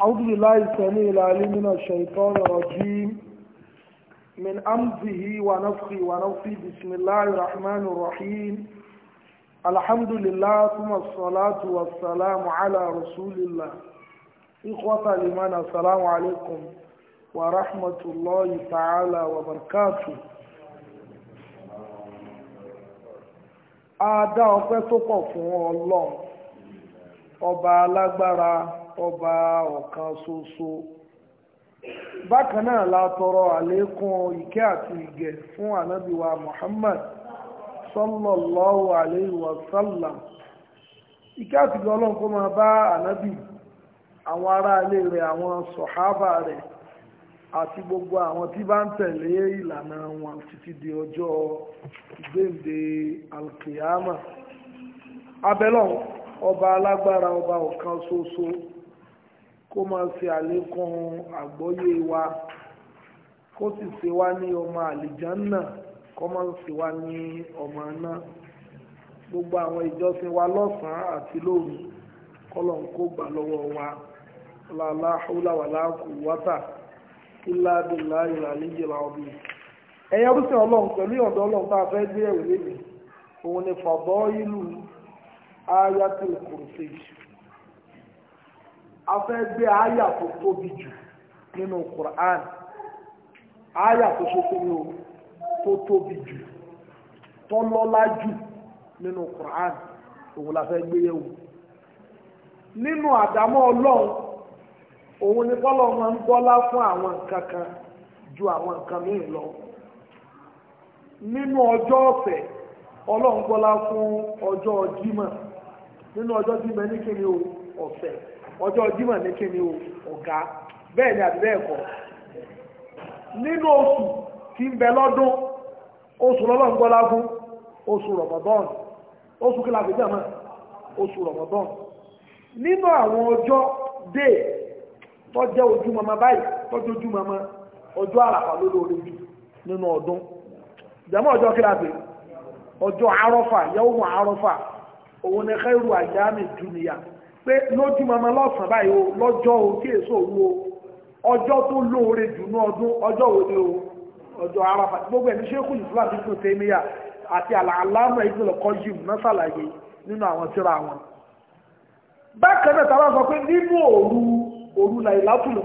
أعوذ بالله السميع العليم من الشيطان الرجيم من أمزه ونفخه ونفخه بسم الله الرحمن الرحيم الحمد لله ثم الصلاة والسلام على رسول الله إخوة الإيمان السلام عليكم ورحمة الله تعالى وبركاته Adá ọpẹ́ tó pọ̀ fún ọba ọ̀kan ṣoṣo bákan náà la tọrọ àlékún ìkẹ́ àti ìgẹ̀ fún ànábìwa Muhammad sallallahu alayhi wa sallam ìkẹ́ àti ìgẹ̀ ọlọ́run kó máa bá ànábì àwọn aráalé rẹ̀ àwọn sọ̀hábà rẹ̀ àti gbogbo àwọn tí bá ń tẹ̀lé ìlànà wọn títí di ọjọ́ ìgbéǹde alkiyama abẹ́lọ́run ọba alágbára ọba ọ̀kan ṣoṣo kó máa ṣe àlékún àgbọ́yé wa kó sì ṣe wá ní ọmọ àlìjánà kó máa ṣe wá ní ọmọ aná gbogbo àwọn ìjọsìn wa lọ́sàn-án àti lóru kọ́lọ̀n kó gbà lọ́wọ́ wa lálá húláwàlá kù wátà ilá abdullá ìlàlíjìlá ọdún ẹ̀yẹ́ rúṣin ọlọ́run pẹ̀lú ọ̀dọ́ ọlọ́run tá a fẹ́ gbé ẹ̀wẹ̀ lẹ́yìn òun ni fàbọ́ ìlú ayatul kùrùsèjì afa gbe aya tobi ju ninu qur'an aya to so ko tobi ju to lo la ju ninu qur'an o la fa gbe yo ninu adamo olohun ohun ni ko lohun an bo la fun awon kankan ju awon kan lo ninu ojo ofe olohun bo la fun ojo jima ninu ojo jima ni kini ofe ọjọ́ jímọ̀ ní kí ni ọ̀gá bẹ́ẹ̀ ni àbí bẹ́ẹ̀ kọ́ nínú oṣù tí ń bẹ lọ́dún oṣù lọ́lọ́run gbọ́lá fún oṣù rọ̀mọ̀dọ́n oṣù kí láti jẹ́mọ̀ oṣù rọ̀mọ̀dọ́n nínú àwọn ọjọ́ dé tọ́jẹ́ ojúmọmọ báyìí tọ́jẹ́ ojúmọmọ ọjọ́ àràfà lólórí jù nínú ọdún jẹ́mọ́ ọjọ́ kí láti ọjọ́ àrọ́fà yẹ́wọ́n àrọ́fà òun ni khairu àyámi dúnìyà pé lójú mama lọ́sàn báyìí o lọ́jọ́ o kí èso òun o ọjọ́ tó lóore jù ọdún ọjọ́ gbogbo ẹni ṣékù islam ibùn tèmíyà àti àlàámà ibùn lọ́kọ́ yìí mú sàlàyé nínú àwọn tíra wọn. bákan náà sọ pé nínú òru òru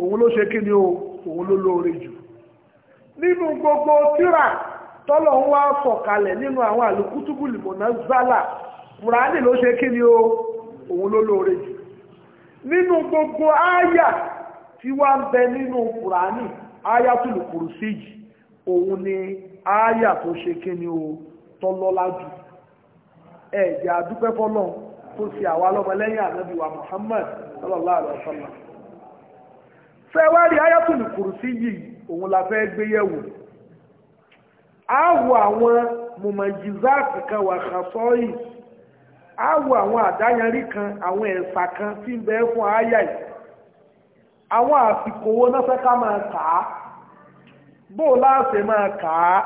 o òun ló lóore jù gbogbo tíra tọ́lọ̀ ń wá sọ̀kalẹ̀ nínú àwọn zálà kùránì ló ṣe kí o òun ló lóore jù nínú gbogbo ááyà tí wá ń bẹ nínú kùránì ááyà tó lù kùrù sí jì òun ni ááyà tó ṣe kí ni o tọ́lọ́lá jù ẹ̀jẹ̀ àdúpẹ́ fọ́lọ́n tó ṣe àwa lọ́mọlẹ́yìn ànábì wa Muhammad sallallahu alaihi wasallam fẹ́wárí ááyà tó lù kùrù sí jì òun la fẹ́ gbé yẹ̀wò á wo àwọn mùmọ̀jìzáàtì kan wà kàṣọ́yìí A wo àwọn àdáyanrí kan àwọn ẹ̀fà kan tí ń bẹ fún àáyà yìí àwọn àsìkò wo náà fẹ́ ká máa kà á bó láàṣẹ máa kà á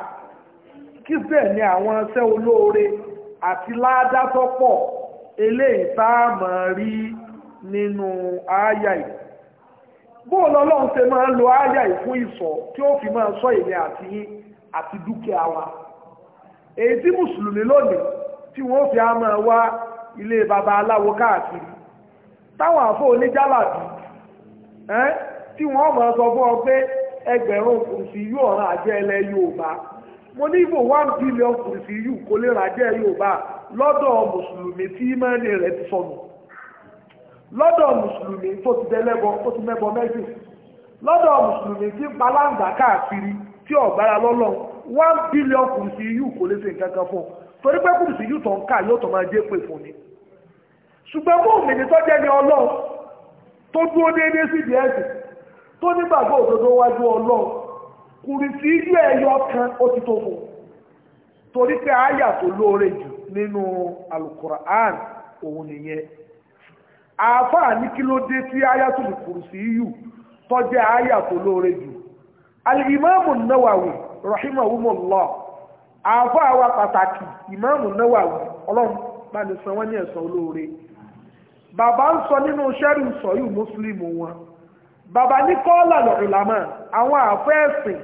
kí bẹ́ẹ̀ ni àwọn iṣẹ́ olóore àti ládá pọ̀ eléyìí tá a máa rí nínú àáyà yìí bóòlù ọlọ́run ṣe máa ń lo àyà fún ìsọ̀ tí ó fi máa sọ èmi àti yín àti dúkìá wa èyí tí mùsùlùmí lónìí tí wọ́n fi á máa wá ilé baba aláwo káàkiri táwọn àfọ oníjàlàbí tí wọ́n máa sọ fún ọ pé ẹgbẹ̀rún kùrùsì yóò ràn àjẹ́ ilẹ̀ Yorùbá mo ní ìbò one billion kùrùsì yìí kò lè ràjẹ́ Yorùbá lọ́dọ̀ mùsùlùmí tí mẹ́ni rẹ̀ ti sọnù lọ́dọ̀ mùsùlùmí tó ti dẹ́lẹ́bọ tó ti mẹ́bọ mẹ́sìn lọ́dọ̀ mùsùlùmí tí ń paláǹdà káàkiri tí ọ̀gbára lọ́lọ́ one billion kùrùsì yìí kò lè ṣe nǹkan kan fún un torí pé kùrùsì yóò tàn ká yóò tàn máa jẹ́ pé fún ni ṣùgbọ́n mú òmìnir tó jẹ́ ní ọlọ́run tó dúró déédéé sí ìdí ẹ̀sìn tó nígbàgbọ́ òdodo wájú ọlọ́run kùrùsì yóò ẹ̀yọ kan ó ti tó fún torí pé àyà tó lóore jù nínú alukur'an òun nìyẹn àáfàá ní kí ló dé tí àyà tó lè kùrùsì yóò tó jẹ́ àyà tó lóore jù al-Imam an-Nawawi rahimahumullah àfọ àwa pàtàkì ìmáàmù Nawawi ọlọ́run bá lè san wọ́n ní ẹ̀san olóore bàbá ń sọ nínú sẹ́rù sọ́yù mùsùlùmù wọn bàbá ní kọ́ọ̀là lọ́rùlámọ́ àwọn àfọ ẹ̀sìn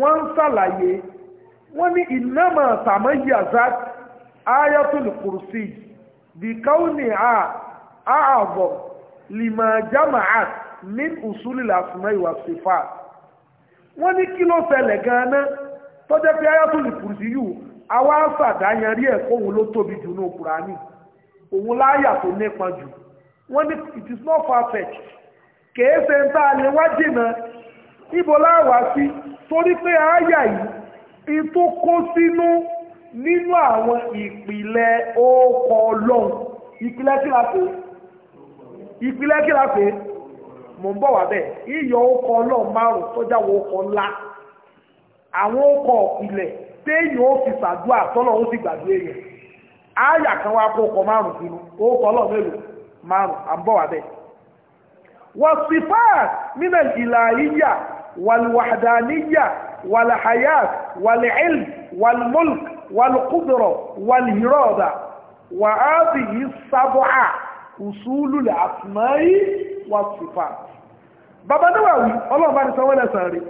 wọ́n ń ṣàlàyé wọ́n ní ìnámọ̀ tàmọ́ yazat ayatul kursi bìkọ́ọ̀nì a àbọ̀ lìmọ̀ jama'at min usulil asma'i wa sifat wọ́n ní kí ló ṣẹlẹ̀ gan-an náà tó jẹ́ pé ayatul kùrùsí yìí àwa sàdáyẹn rí ẹ̀kọ́ òun ló tóbi jù ní kùránì òun láyà tó nípa jù wọ́n ní it is not far-fetched kèé ṣe ń tá a lè wá jìnnà ibo láwàá sí torí pé àyà yìí ìtò kó sínú nínú àwọn ìpìlẹ̀ ọkọ̀ ọlọ́run ìpìlẹ̀ kí la pè ìpìlẹ̀ kí la pè mò ń bọ̀ wá bẹ́ẹ̀ iyọ̀ ọkọ̀ ọlọ́run márùn-ún tó jáwọ́ ọkọ̀ ńlá àwọn ọkọ̀ ìpìlẹ̀ téèyàn ó fi ṣàdúà tọ́lọ̀ ó sì gbàdú èèyàn ááyà kan wá kó ọkọ̀ márùn-ún sínú ó kọ́ mélòó márùn-ún à ń bọ̀ wá bẹ́ẹ̀. nínú ìlàhíyà wàlúwàdàníyà wàlúhayàt wàlúhìl wàlúmùlk wàlúkúdùrọ̀ wàlúhìrọ̀dà wàhálì yìí sábọ̀à usulu asma'i wàsífáàt. bàbá náà wà wí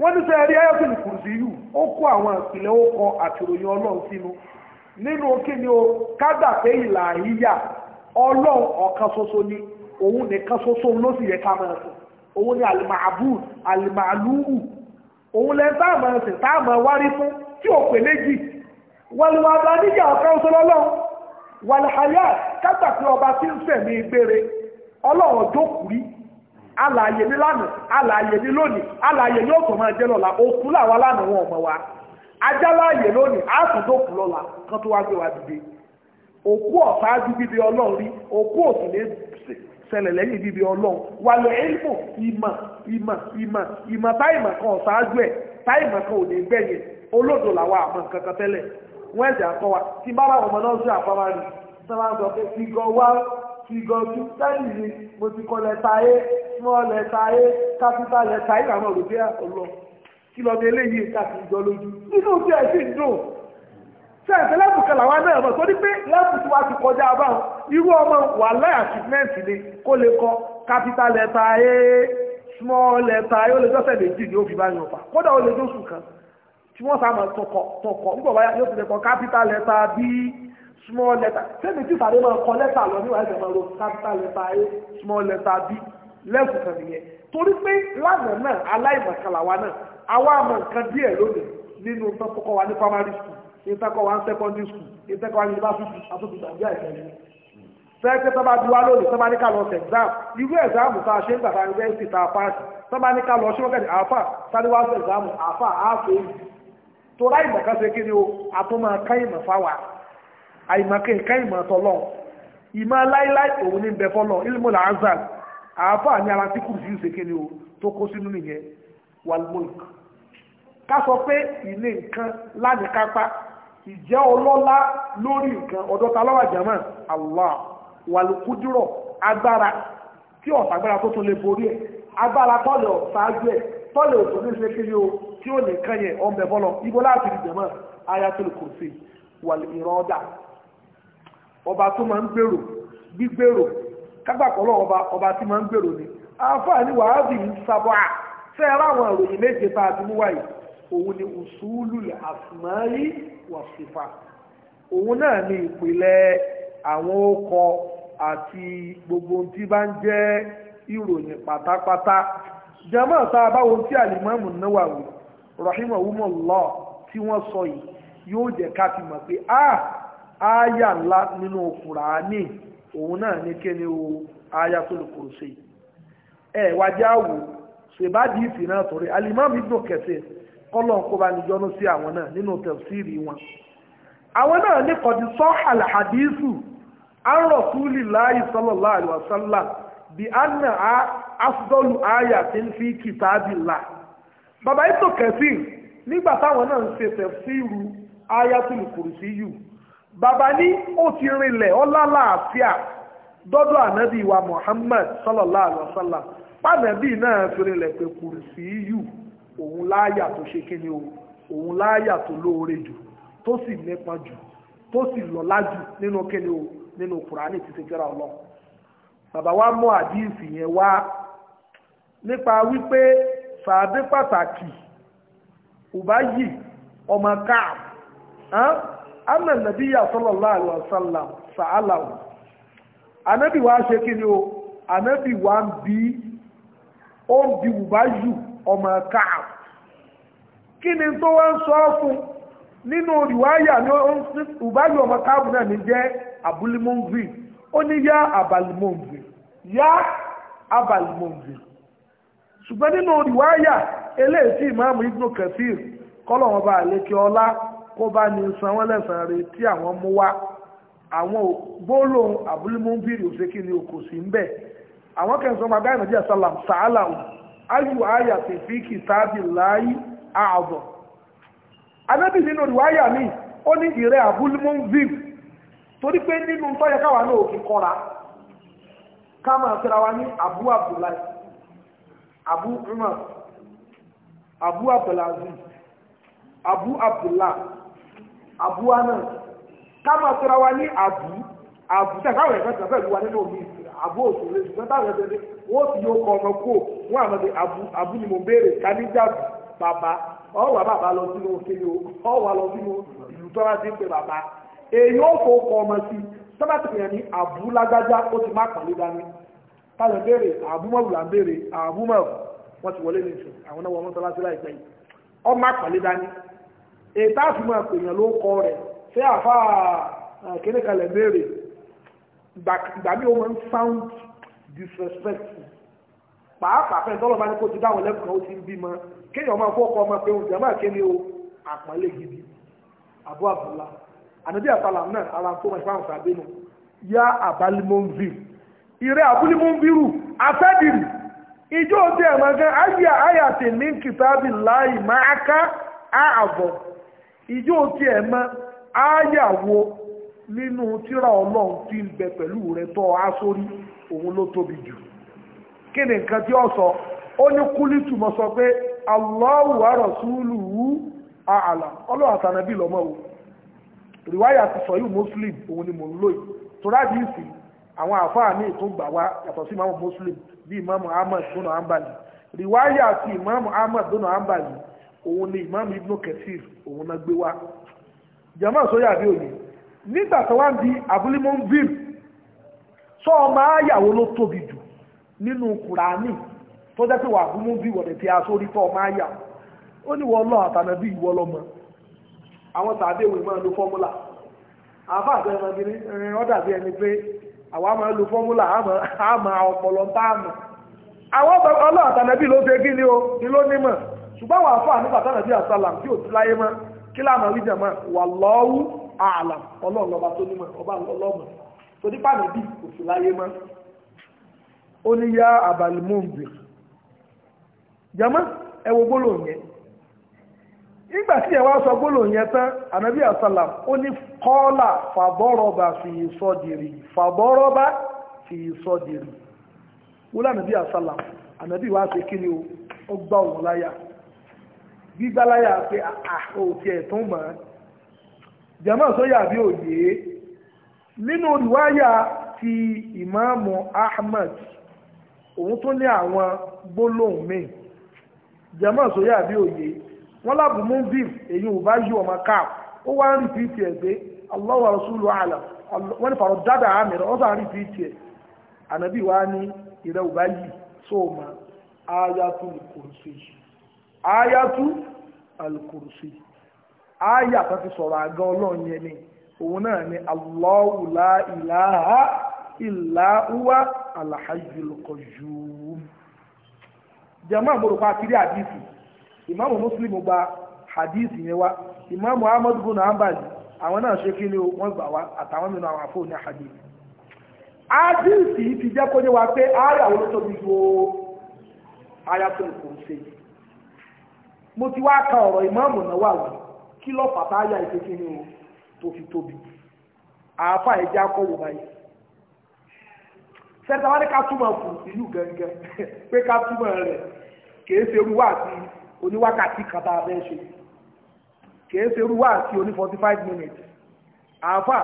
wọ́n ní sẹ́yìn rí ayọ́sìn kùrùsì yìí ó kó àwọn ìpìlẹ̀ ọkọ̀ àtìròyìn ọlọ́run sínú nínú kíni o kádà pé ìlà àyíyà ọlọ́run ọ̀kan ṣoṣo ni òun nìkan ṣoṣo ló sì yẹ ká máa sìn òun ni alimaabud alimaaluhu òun lẹ tá a máa sìn tá a máa wárí fún tí ò pè méjì wàlúwàlú aníyà ọ̀kan ṣoṣo lọ́lọ́run wàlúhàyà kádà pé ọba tí ń sẹ̀mí gbére ọlọ́run jókòó rí alààyè ní lánàá alààyè ní lónìí alààyè ní òtò máa jẹ́ lọ́la òkú làwọn lánàá wọn ọmọ wa ajálààyè lónìí àtúndòkú lọ́la kan tó wá gbé wa dìde òkú ọ̀sáájú bíbi ọlọ́run rí òkú òsì ní ṣẹlẹ̀ lẹ́yìn bíbi ọlọ́run ìmọ̀ ìmọ̀ ìmọ̀ ìmọ̀ ìmọ̀ táìmọ̀ kan ọ̀sáájú ẹ̀ táìmọ̀ kan ò ní gbẹ̀yẹ̀ olódò làwọn àmọ́ tẹ́lẹ̀ wọ́n ẹ̀jẹ̀ tí bá figure two ten ni mo ti kọ lẹ́tà a small lẹ́tà a capital lẹ́tà a làwọn olùgbé ọlọ kí lọ bí eléyìí káàkiri jọ lójú nínú tí ẹ sì ń dùn ṣe ẹsẹ lẹ́bù kan làwọn náà mọ̀ sórí pé lẹ́bù tí wàá ti kọjá báwọn irú ọmọ wà láyà achievement ni kó lè kọ capital lẹ́tà a small lẹ́tà a ó lè jọ́sẹ̀ méjì ni ó fi bá yàn fà kódà ó lè jọ́sùn kan tí wọ́n sá mọ̀ tọkọ̀ tọkọ̀ nígbà wáyà yóò ti lè kọ capital lẹ́tà bíi small letter sẹ́mi tí sàré máa kọ lẹ́tà lọ níwáyé ẹ̀sẹ̀ máa lo capital letter a small letter b lẹ́sùn kan nìyẹn torí pé lánàá náà aláìmọ̀kànlá wa náà àwa àmọ̀ nǹkan díẹ̀ lónìí nínú tọ́kọ́ wa ní primary school ìtẹ́kọ̀ wa ní secondary school ìtẹ́kọ̀ wa ní university àtúntò ìdàgbé àìsàn yìí sẹ́ẹ̀kẹ́ tọ́ba di wá lónìí tọ́ba ní ká lọ sí exam irú exam tá a ṣe ń gbàgbà university tá a pass tọ́ba ní ká lọ ṣé wọ́n kẹ́ni àáfà sáré wá sí exam àáfà àáfà èyí tó ráì mọ̀ká ṣe kí ni o àtúmọ̀ ká ìmọ̀ fáwà àìmọ̀kẹ́ ìkáìmọ̀ tọ́lọ́ ìmọ̀ láíláí òun ní bẹ fọ́lọ́ ilmu làázàn àáfà ní ara tí kùrùsí yìí ṣèké ni o tó kó sínú nìyẹn walmulk ká sọ pé ilé nǹkan lánìkápá ìjẹ́ ọlọ́lá lórí nǹkan ọ̀dọ́ta lọ́wọ́ jama Allah wàlùkúdúrọ̀ agbára tí ọ̀sàgbára tó tún lè borí ẹ̀ agbára tọ́lẹ̀ ọ̀sáájú ẹ̀ tọ́lẹ̀ òtò ní ṣe kiri o tí ó lè kán yẹn ayatul kursi wàlù ìrọ̀ ọba tó máa ń gbèrò gbígbèrò kágbàkọ́lọ́ ọba ọba tí máa ń gbèrò ni àfààní wàhálì ń sábà fẹ́ ara àwọn ìròyìn méje tá a ti mú wáyé òun ni usulu asmai wasifa òun náà ni ìpìlẹ̀ àwọn ọkọ àti gbogbo tí bá ń jẹ́ ìròyìn pátápátá jama tá a bá wo tí alimami Nawawi tí wọ́n sọ yìí yóò jẹ́ ká ti mọ̀ pé ah aya ńlá nínú kùránì òun náà ní kéde o aya tó lè kúrò sí ẹ wájà wò ṣèbádì ìfì náà torí alimami dùn kẹsẹ kọlọ kó bá níjọnu sí àwọn náà nínú tẹfsiri wọn àwọn náà ní kọdí sọ àlàhàdísù arọ̀túlì láàyè sọlọ́lá àlùwàsálà bí anna afdọ́lù àyà tí ń fi kìtàbí là bàbá ètò kẹsì nígbà táwọn náà ń ṣe tẹ̀síìrù àyà tó lè kùrù sí bàbá ní ó ti rinlẹ̀ ọlá làáfíà dọ́dọ̀ ànábì wa Muhammad sallallahu alaihi wasallam pànàbì náà fi rinlẹ̀ pé kùrùsì yù òun láàyà tó ṣe kíni o òun láàyà tó lóore jù tó sì nípa jù tó sì lọ́lá jù nínú kíni o nínú kùránì ti jẹ́ra ọlọ́run bàbá wa mú àdíìsì yẹn wá nípa wípé fàdé pàtàkì Ubayy ọmọ káà anna nabiya sallallahu alaihi wasallam sa'alahu anabi wa ṣe kí ni o anabi wa ń bi ó ń bi wùbáyù ọmọ káà kí ni tó wá sọ fún nínú ìwáyà ni wùbáyù ọmọ káàbù náà ní jẹ́ abúlímọ́nvì ó ní yá ya yá abalimọ́nvì ṣùgbọ́n nínú ìwáyà eléyìí tí ìmáàmù ibnu kathir kọ́lọ̀ wọn bá kó bá ní san wọ́n tí àwọn mú wá àwọn ni kò sí ń bẹ̀ àwọn kẹsàn-án máa báyìí nàìjíríà sálàm sàálà ò ayù àyà tẹ̀fí kìtàbí láyé àbọ̀ anábì nínú ìwáyà mi ó ní ìrẹ́ torí pé nínú tọ́yẹ káwa náà òkè kọ́ra ká máa tẹ́ra wa ní àbúwá náà ká máa tọ́ra wa ní àbú àbú tẹ̀ káwọn ẹ̀fẹ́ tẹ̀ pẹ̀lú wa nínú omi àbú òṣèlú ṣùgbọ́n táwọn ẹ̀fẹ́ tẹ̀ wọ́n ti yóò kọ ọmọ kú wọn àmọ́ tẹ àbú àbú ni mo béèrè ká ní jàbù bàbá ọwọ́ bàbá lọ sínú òkèlè ọwọ́ lọ sínú ìlú tọ́ra ti ń pè bàbá èyí ó kọ ọkọ ọmọ sí sábà tẹ̀ yẹn ní àbú lágbájá ó ti má pàlẹ́ dání táwọn béèrè àbúmọ̀wù là ń béèrè àbúmọ̀wù wọ́n ti wọlé nìṣó àwọn náà wọ́n mọ́tọ́lá ètà àfihàn àpèyàn ló kọ rẹ̀ ṣé àfa kíníkalẹ̀ béèrè ìgbà mi ó máa ń sound disrespectful pàápàá fẹ́ tọ́lọ́ bá ní kó ti dáwọn lẹ́kùn náà ó ti ń bímọ kéèyàn máa fọ́kọ ọmọ pé oúnjẹ máa o àpọ́nlé gidi abu abdullah ànábì àtàlàm náà ara tó máa fáwọn sàbẹ̀ nù yá àbálímọ́nvìl ìrẹ́ àbúlímọ́nvìlù afẹ́dìrì ìjọ òde ẹ̀mọ̀gán ayé àyàtì ní kìtàbí láì máa ká àbọ̀ ìjọ tí ẹ mọ áyàwó nínú tírà ọlọ́run tí ń bẹ pẹ̀lú rẹ tọ́ a sórí òun ló tóbi jù kí ni nǹkan tí ó sọ ó ní kúlítù mọ́ sọ pé Allahu wa rasuluhu àlà ọlọ́run àtànàbí lọ́mọ́ o rìwáyà ti sọ muslim òun ni mò ń lò yìí torí àdìsí àwọn àfáà ní ètò gbà yàtọ̀ muslim bíi ìmáàmù ahmed bùnà àǹbàlì rìwáyà ti àǹbàlì òun ni imam ibn kathir òun náà gbé wá jama sọ́yà àbí òye nígbà tó wá ń di abulimonville sọ ọmọ ayàwó ló tóbi jù nínú kùránì tó jẹ́ pé wà abulimonville wọ̀dẹ̀ tí a sórí tó ọmọ ayàwó ó ní wọ́n lọ àtànàbí ìwọ́ lọ́mọ àwọn tàbí ìwé máa lo fọ́múlà àfa àti ẹ̀rọ̀gìnrín ẹ̀rìn ọ̀dà bí ẹni pé àwa máa lo fọ́múlà àmà ọpọlọ ń bá àmà àwọn ọlọ́ọ̀tànàbí ló ṣe kí ni o ni ló nímọ̀ ṣùgbọ́n àwọn àfáà nígbà tánà àsálàm tí ó ti láyé mọ́ kí láàmà wí jẹ̀mọ́ wallahu tó nímọ̀ ọba ọlọ́mọ̀ tó dípà níbí kò sí láyé mọ́ ó ní yá abal munzir jẹ̀mọ́ ẹ wo gbólóhùn yẹn nígbà tí ẹ wá sọ gbólóhùn yẹn tán àsálàm ó ní fi fi àsálàm ṣe kí ni ó gbígbáláyà pé òkè ah, ah, ẹ̀tún mọ́ jẹ́mọ́ sóyà bí òye nínú ya ti ìmáàmù Ahmad òun tún ní àwọn gbólóhùn míì jẹ́mọ́ sóyà bí òye wọ́n lábù múndìr èyí ò bá yí ọmọ káà ó wá ń rìpíìtì ẹ̀ pé Allahu wa rasulu wọ́n ní fàrọ̀ dáadáa àmì rẹ̀ ó sàn ẹ̀ ànábì ní ìrẹ́ ò bá yí sóòmà ayatu alukurusi aya tó a sọ̀rọ̀ àga ọlọ́run yẹn ni òun náà ni Allahu ilaha illa uwa alhayyul qayyum jama àgbòrò kiri àdìsí imam Muslim gba àdìsí yẹn wa imam Ahmad bin Hanbal àwọn náà ṣe kí ni wọ́n gbà wá àtàwọn mìíràn wa aya wo mo ti wá ka ọ̀rọ̀ ìmáàmù náwà wù kí lọ́ fàtà àyà ìpèkínní o tó fi tóbi àáfà ẹ̀jẹ̀ akọ̀wò báyìí sẹ́ńtà wá ní ká túmọ̀ kù ìlú gẹ́gẹ́ pé ká túmọ̀ rẹ̀ kìí ṣe irú wá àti oníwákàtí kan tá ṣe kìí ṣe irú wá àti oní forty five minutes àáfà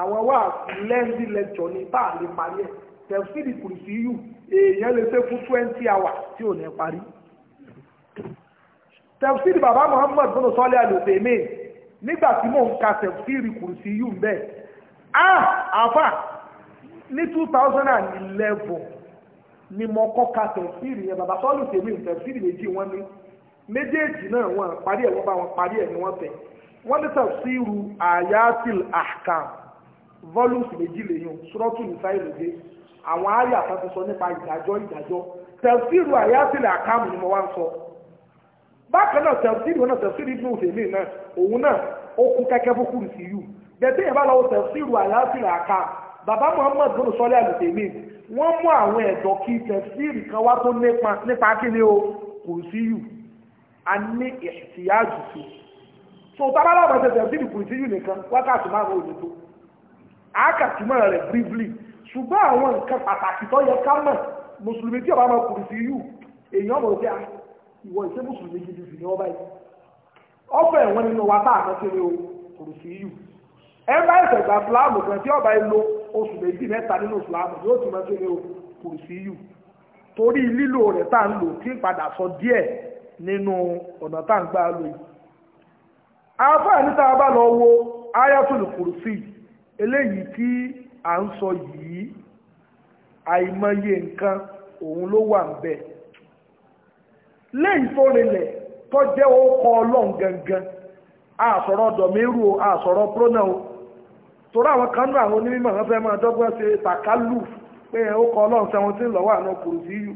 àwọn wá lẹ́ńdí lẹ́jọ́ ní tá a lè parí ẹ̀ tẹ̀síìdì kùrìsì yù èèyàn lè ṣe fún twenty hours tí ò ní parí tẹ̀fsìrì bàbá Muhammad bọ́nà sọ́lẹ̀ àlòfèémé nígbà tí mò ń ka tẹ̀fsìrì kùrùsí yù ń bẹ̀ ah àfà ní 2011 ni mo kọ́ ka tẹ̀fsìrì yẹn bàbá sọ́lẹ̀ àlòfèémé tẹ̀fsìrì méjì wọn ní méjèèjì náà wọn parí ẹ̀ wọ́n bá wọn parí ẹ̀ ni wọ́n tẹ̀ wọ́n ní tẹ̀fsìrù ayatil ahkam volumes méjì lèyàn sọ́rọ́tù nìsáyé lòdì àwọn àyà àtàkùn sọ nípa ìdájọ́ ìdájọ́ tẹ̀fsìrù ayatil ahkam ni mo wá ń sọ bákan náà tẹ̀síìrì wọn náà tẹ̀síìrì inú òfèmí náà òun náà ó kún kẹ́kẹ́ fún kùrù sí yù bẹ́tẹ̀ yẹn bá lọ tẹ̀síìrì àyàfi àká bàbá Muhammad bọ́lù sọ́lé àlùfèmí wọ́n mú àwọn ẹ̀dọ̀ kí tẹ̀síìrì kan wá tó nípa kíni o kùrù sí yù a ní ìṣìyàjù sí so tábà láwọn ṣe tẹ̀síìrì kùrù sí yù nìkan wákàtí márùn-ún òní tó àákàtìmọ̀ rẹ̀ briefly ṣùgbọ́n àwọn nǹkan pàtàkì tó yẹ máa kùrù sí ìwọ ìṣe mùsùlùmí gidi jù ní ọba yìí ọfẹ ẹwọn nínú wa tá àná o kò sí yù ẹ bá ẹsẹ gba fúlàmù kan tí ọba yìí lo oṣù méjì nínú fúlàmù yóò tún o kò sí yù torí lílo tá à ń sọ nínú ọ̀nà tá à ń lò yìí bá lọ wo eléyìí tí à ń sọ yìí àìmọye nǹkan òun ló wà ń lẹ́yìn tó rinlẹ̀ tó jẹ́ ọlọ́run gangan àsọ̀rọ̀ àsọ̀rọ̀ o torí àwọn kan náà àwọn onímọ̀ wọn fẹ́ máa dọ́gbọ́n ṣe tàkálù pé ókọ ọlọ́run sẹ́wọ́n tí ń lọ́wọ́ àná kò sí yú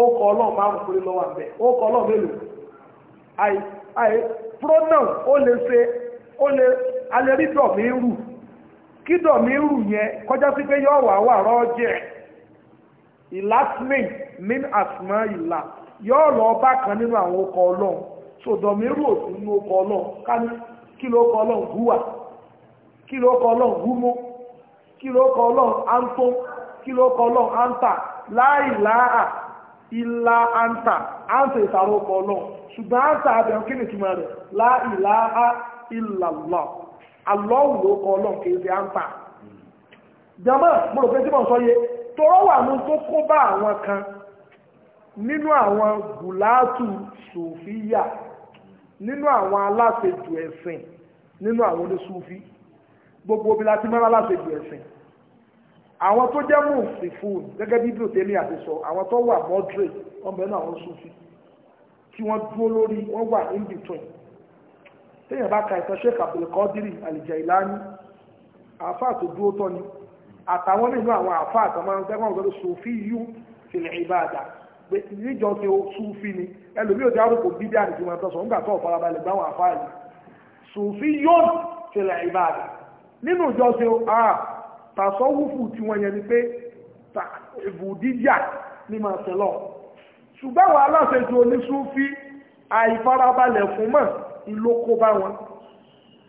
ó ọlọ́run máa ń pè lọ́wọ́ àbẹ̀ ókọ ọlọ́run mélòó àì àì prona ó lè ṣe ó lè alẹ́ rí min as yóò lọ bá kan nínú àwọn ọkọ̀ ọlọ́run sòdọ̀mírù òsì nínú ọkọ̀ ọlọ́run kání kí ló kọ ọlọ́run húwà kí ló kọ ọlọ́run húmú kí ló kọ ọlọ́run áńtó kí ló kọ ọlọ́run áńtà jama mo rò pé tí mo sọ yé nínú àwọn gùlátù sòfíyà nínú àwọn aláṣejù ẹ̀sìn nínú àwọn oníṣúfí gbogbo obìnrin láti mẹ́rin aláṣejù ẹ̀sìn àwọn tó jẹ́ mú sí fún gẹ́gẹ́ bí bí òtẹ́lẹ̀ àti sọ àwọn tó wà moderate wọ́n bẹ̀rẹ̀ àwọn sùfí tí wọ́n dúró lórí wọ́n wà in between téèyàn bá ka ìtàn Sheikh Abdul Qadir Al-Jailani àáfàá tó dúró tọ́ ni àtàwọn nínú àwọn àáfàá àtàwọn ọmọ ẹgbẹ́ wọn gbọ́dọ̀ sùfí yú fil ibada pé níjọ ti o súnfí ni ẹlòmí ò ti àrùkò bídí àdìsí wọn tọ́sọ̀ nígbà tó farabalẹ̀ gbáwọn àfáàlì súnfí yóò tilẹ̀ ìbàdàn nínú ìjọ ti o a tàṣọ́wùfù tí wọ́n yẹn ni pé ìbùdíjà ní máa tẹ̀lọ́ ṣùgbọ́n àwọn aláṣẹjù onísúnfí àìfarabalẹ̀ fún mọ̀ ìlókó bá wọn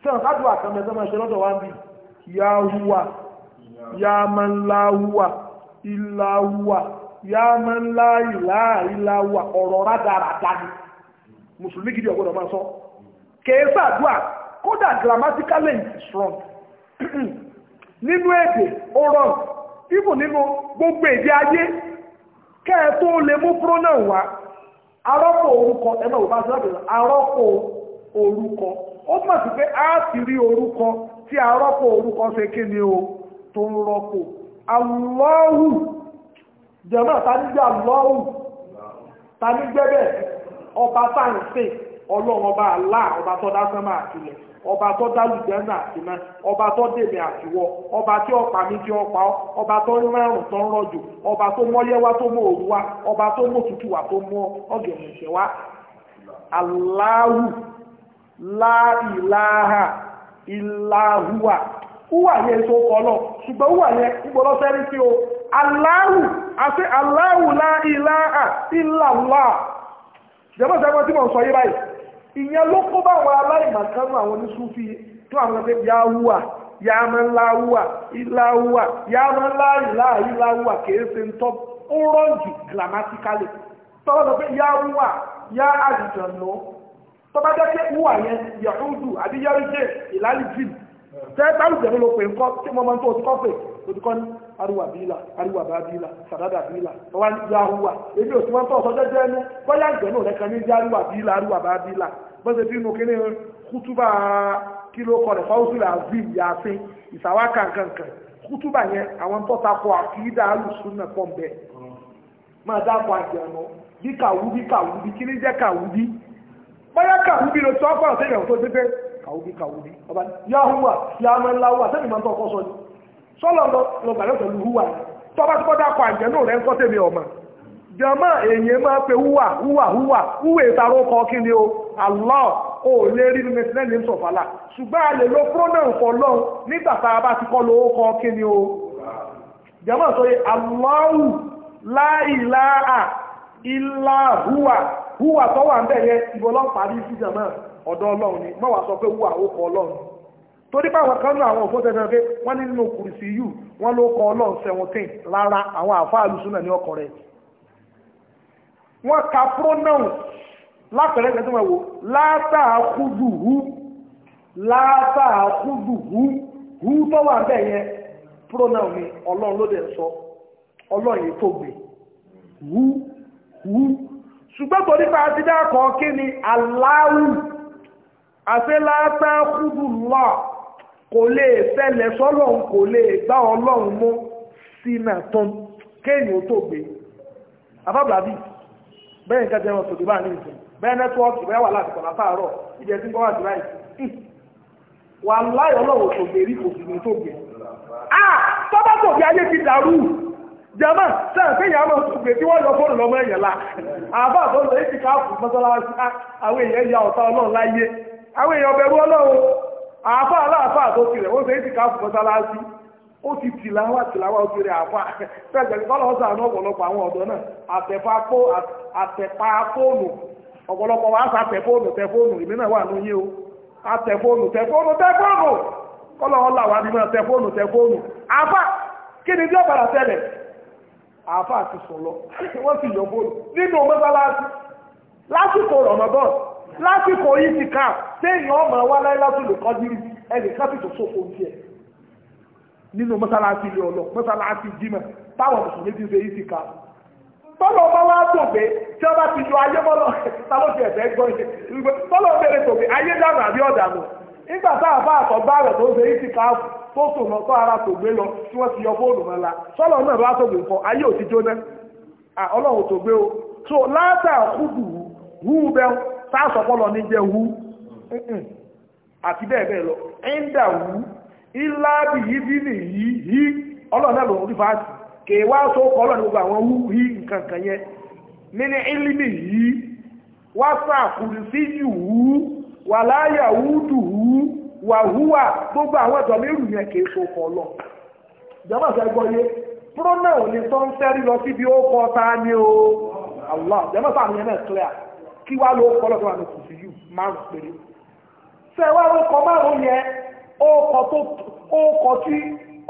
sẹ́wọ̀n sádùn àkànmẹ́sẹ́ máa ṣe lọ́dọ̀ wá ń bì yá hùwà yá máa ń la hùwà ìlà hùwà yá máa ń lá ìlà ìlà wà ọ̀rọ̀ rádaràdá ni mùsùlùmí gidi ọ̀gbọ́dọ̀ máa sọ kèé sàdúà kódà grammatically strong nínú èdè ó rọrùn ibù nínú gbogbo èdè ayé kẹ́ẹ̀ tó lè mú pronoun wá arọ́pò orúkọ ẹ̀mọ́ ìwà síláàbẹ̀ arọ́pò orúkọ ó mọ̀ sí pé a ti rí orúkọ tí arọ́pò orúkọ ṣe kí ni o tó ń rọ́pò Allahu jẹ̀mọ́ tanígbà lọ́wù tanígbẹ́bẹ̀ ọba sáǹsì ọlọ́run ọba àlá ọba tó dá sánmà àtìlẹ̀ ọba tó dá ọba tó dèbè ọba tí ọ̀pá mi tí ọ̀pá ọba tó ń tó ọba tó mọ́yẹ́wá tó ọba tó mọ́ wá tó mọ́ ọ̀gẹ̀mọ̀ ìṣẹ́ wá. yẹn tó kọ́ ṣùgbọ́n aláhù àti aláhù láìláà ìlàlá jẹmọ́ sẹ́gbọ́n tí mọ̀ sọ yí báyìí ìyẹn ló kó bá wọn aláìmọ̀kánú àwọn oníṣúfì tó àwọn ẹgbẹ́ yáwúà yámọ́láwúà ìláwúà yámọ́láìláà ìláwúà kìí ṣe ń tọ́ ó rọ́ǹjù gramatically tọ́wọ́ sọ pé yáwúà yá àjùjọ̀nù tó bá jẹ́ pé wúwà yẹn yàhúdù àbí yẹ́rìjẹ́ ìlàlìjì tẹ́ bá lùjẹ́ ló pè ń kọ́ tí mo mọ́ tó ti kọ́ pè òtúkọ́ ni ariwa bíla ariwa bá bíla sàdádà bíla wà ní yahuwa èmi ò sí wọn tó ọ̀sọ́ jẹ́jẹ́ ẹnu bọ́yá ìgbẹ́nù rẹ̀ kan ní jẹ́ ariwa bíla ariwa bá bíla bọ́sẹ̀ bínú kíní kútúbà kíló kọlẹ̀ fáwọ́sílẹ̀ azim yasin ìsàwá kankankan kútúbà yẹn àwọn tó takọ àkídà alùsùnà pọ̀ mbẹ́ máa dáàbò àjẹmọ bí kàwúbí kàwúbí kí ní jẹ́ kàwúbí bọ́yá kàwúbí ló sọ ọ́ pọ̀ ọ̀sẹ̀ ìyàwó tó dé pé kàwúbí kàwúbí ọba yahuwa yamanlawa sẹ́ni máa ń tọ́ ọkọ sọ ni sọ́lọ̀ lọ gbàdọ̀ pẹ̀lú húwà tọ́ba tí kọ́ dákọ̀ àjẹ́ náà rẹ̀ ń kọ́ tèmi ọ̀mà jọmọ́ èèyàn máa pe húwà húwà húwà húwà ìtaró kọ kí ni o Allah ò lè rí nínú ẹsẹ̀ lẹ́yìn sọ̀fàlà ṣùgbọ́n a lè lo pronoun fọlọ́n nígbà tá a bá ti kọ́ lo ó kọ kí ni o jọmọ́ sọ yẹ Allahu la ilaha illa húwà húwà tọ́wà ń bẹ̀ yẹ ìbọn lọ́pàá ní ìfìjàmọ́ ọ̀dọ̀ ọlọ́run ni mọ́wàá sọ pé húwà ó kọ ọlọ́run torí báwọn kan náà àwọn òfófẹ́ fẹ́ wọ́n ní nínú kùrìsì yù wọ́n ló kọ ọlọ́run seventeen lára àwọn àfáà lùsùnà ní ọkọ̀ rẹ̀ wọ́n ka pronoun lápẹ̀rẹ̀ ẹgbẹ́ tó máa wò látàkùdù hù látàkùdù hù hù tó wà bẹ́ẹ̀ yẹn pronoun ni ọlọ́run ló dẹ̀ sọ ọlọ́run yìí tó gbé hù hù ṣùgbọ́n torí bá a ti dákọ̀ kí ni aláwù àti látàkùdù lọ́ọ̀ kò lè fẹ́lẹ̀ sọ́lọ́run kò lè gbá ọlọ́run mú sínà tán kéèyàn tó gbé afábàbí bẹ́ẹ̀ nǹkan jẹun tòdì bá ní ìsìn bẹ́ẹ̀ nẹ́tíwọ́ọ̀kì bẹ́ẹ̀ wà láti kọ̀lá sáàárọ̀ ìjẹ́ tí ń gbọ́wà jùlá ìsìn wà láyọ̀ ọlọ́wọ̀ tó gbé rí kò sì ní tó gbé ah tọ́bá tó fi ayé ti dàrú jama sẹ́ẹ̀ pé ìyá máa tó gbé tí wọ́n lọ fóònù lọ́mọ ẹ̀yẹ̀ la àbá tó lọ èyí ti káàkùn mọ́sálásí àwọn èèyàn ya ọ̀tá ọlọ́run láyé àwọn èèyàn bẹ̀rù ọlọ́run àáfà aláàfà tó tirẹ̀ ó ṣe é ti ká fún mọ́sálásí ó ti tìláwà tìláwà ó tirẹ̀ àáfà fẹ́ẹ̀gbẹ̀rẹ̀ kọ́lọ́ ọ̀sán àná ọ̀pọ̀lọpọ̀ àwọn ọ̀dọ́ náà àtẹ̀pá fóònù ọ̀pọ̀lọpọ̀ wa sá tẹ̀ fóònù tẹ̀ fóònù èmi náà wà ní yín o àtẹ̀ fóònù tẹ̀ fóònù tẹ̀ fóònù kọ́lọ́ ọ̀là wà nínú tẹ̀ fóònù tẹ̀ fóònù àáfà kí ni bí ọ̀bàrà tẹ̀lẹ̀ àáfà ti sùn lọ wọ́n sì yọ fóònù nínú mọ́sálásí lásìkò rọ̀mọ́dọ́sì lásìkò yìí ti ká téèyàn ọmọ wa láyé látòlù kọ́dírì ẹnì kápẹ́tò sófo tiẹ̀ nínú mọ́sálásí ilé ọlọ́ mọ́sálásí jímọ̀ táwọn mùsùlùmí ti ṣe yìí ti ká tọ́lọ̀ ọba wa tó pé tí ọba ti lo ayé mọ́lọ́ táwọn ti ẹ̀fẹ́ gbọ́ ìṣe tọ́lọ̀ ọbẹ̀rẹ̀ tó pé ayé dànù àbí ọ̀dànù nígbà táwọn bá àtọ̀ bá rẹ̀ tó ṣe yìí ti ká tó sùn lọ tó ara tó gbé lọ tí wọ́n ti yọ fóònù mọ́la tọ́lọ̀ náà bá tó gbé nǹkan ayé òtijọ́ náà ọlọ́run tó gbé o tó látà kúdù hú bẹ́ẹ̀ sáàsọ̀pọ̀lọ ní jẹ́ wú àti bẹ́ẹ̀ bẹ́ẹ̀ lọ ẹ́ndà wú ìlàbí yìí ní yí ọlọ́nà lòun rí fàájì kèwà só kọlọ̀ ní gbogbo àwọn wú hí yẹn nínú wá sí yù wú wà láyà wú dù wú wà gbogbo àwọn ẹ̀dọ̀ mẹ́rù yẹn ìjọba yé pronoun ni tó ń fẹ́ rí lọ síbi ó kọ́ o ìjọba yẹn kí wá ló kọ́ lọ́dọ̀ àmì kùsù yìí márùn péré ṣe wá ló kọ márùn yẹn ó kọ tí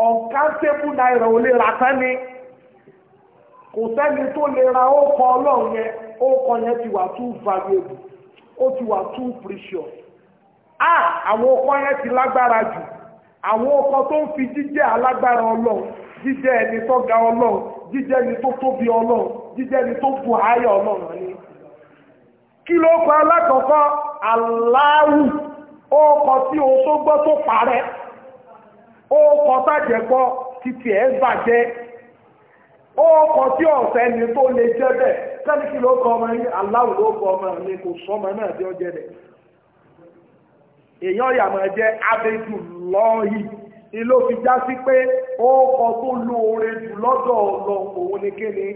ọ̀nkánṣẹ́bù náírà ò lè ra tán ni kò sẹ́ni tó lè ra ó kọ ọlọ́run yẹn ó kọ yẹn ti wà too valuable ó ti wà too precious ah àwọn ọkọ yẹn ti lágbára jù àwọn ọkọ tó ń fi jíjẹ́ alágbára ọlọ́run jíjẹ́ ẹni tó ga ọlọ́run jíjẹ́ ẹni tó tóbi ọlọ́run jíjẹ́ ẹni tó bu ààyè ọlọ́run ni kí ló kọ alákọ̀ọ́kọ́ aláwù ó kọ tí o tó gbọ́ tó parẹ́ ó kọ tàjẹ̀gbọ́ títí ẹ̀ bàjẹ́ ó kọ tí ọ̀sẹ̀ ni tó lè jẹ́ bẹ̀ sẹ́ni kí ló kọ ọmọ yín aláwù ló kọ ọmọ mi kò sọmọ náà bí ọjẹ́ rẹ̀ èèyàn yàmọ̀ jẹ́ abẹ́jù lọ́ọ̀yì ilé òfin já sí pé ó kọ tó lóore jù lọ́dọ̀ ọ̀lọ́ òun ni kéde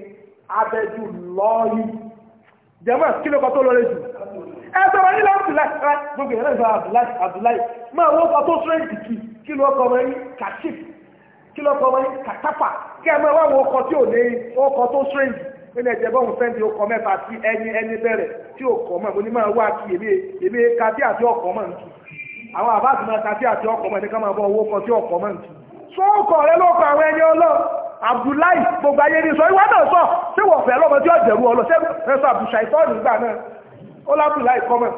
abẹ́jù lọ́ọ̀yì jẹ́mọ̀ kí ló kọ́ tó lọ́lẹ́ jù ẹ̀sọ́ wọn nílẹ̀ abdullahi gbogbo ìyẹn náà abdullahi abdullahi máa wọ́n kọ́ tó sọ́rẹ́ǹtì kì kí ló kọ́ wọn kàṣí kí ló kọ́ wọn kàtàpà kí ẹ máa wá wọn kọ́ tí ò ní ọkọ̀ tó sọ́rẹ́ǹtì nínú ẹ̀jẹ̀ bọ́ọ̀n fẹ́ǹdì ọkọ̀ mẹ́fà sí ẹni ẹni bẹ̀rẹ̀ tí ò kọ́ mọ̀ mo ní máa wá kí èmi èmi kàdí àti ọkọ̀ mọ̀ nù àwọn àbáàdì máa kàdí àti ọkọ̀ mọ̀ ní ká máa bọ́ owó kan tí ọkọ̀ mọ̀ nù sọ́ọ̀kọ̀ rẹ lọ́kọ̀ àwọn ẹni ọlọ́ Abdullahi gbogbo ayé ní sọ ìwọ náà sọ ṣé wọ́n fẹ́ lọ́mọ tí ọ̀jẹ̀rú ọlọ ṣé ẹ̀sọ àbùṣàìtọ́ nígbà náà ó lábùláì kọ́mọ̀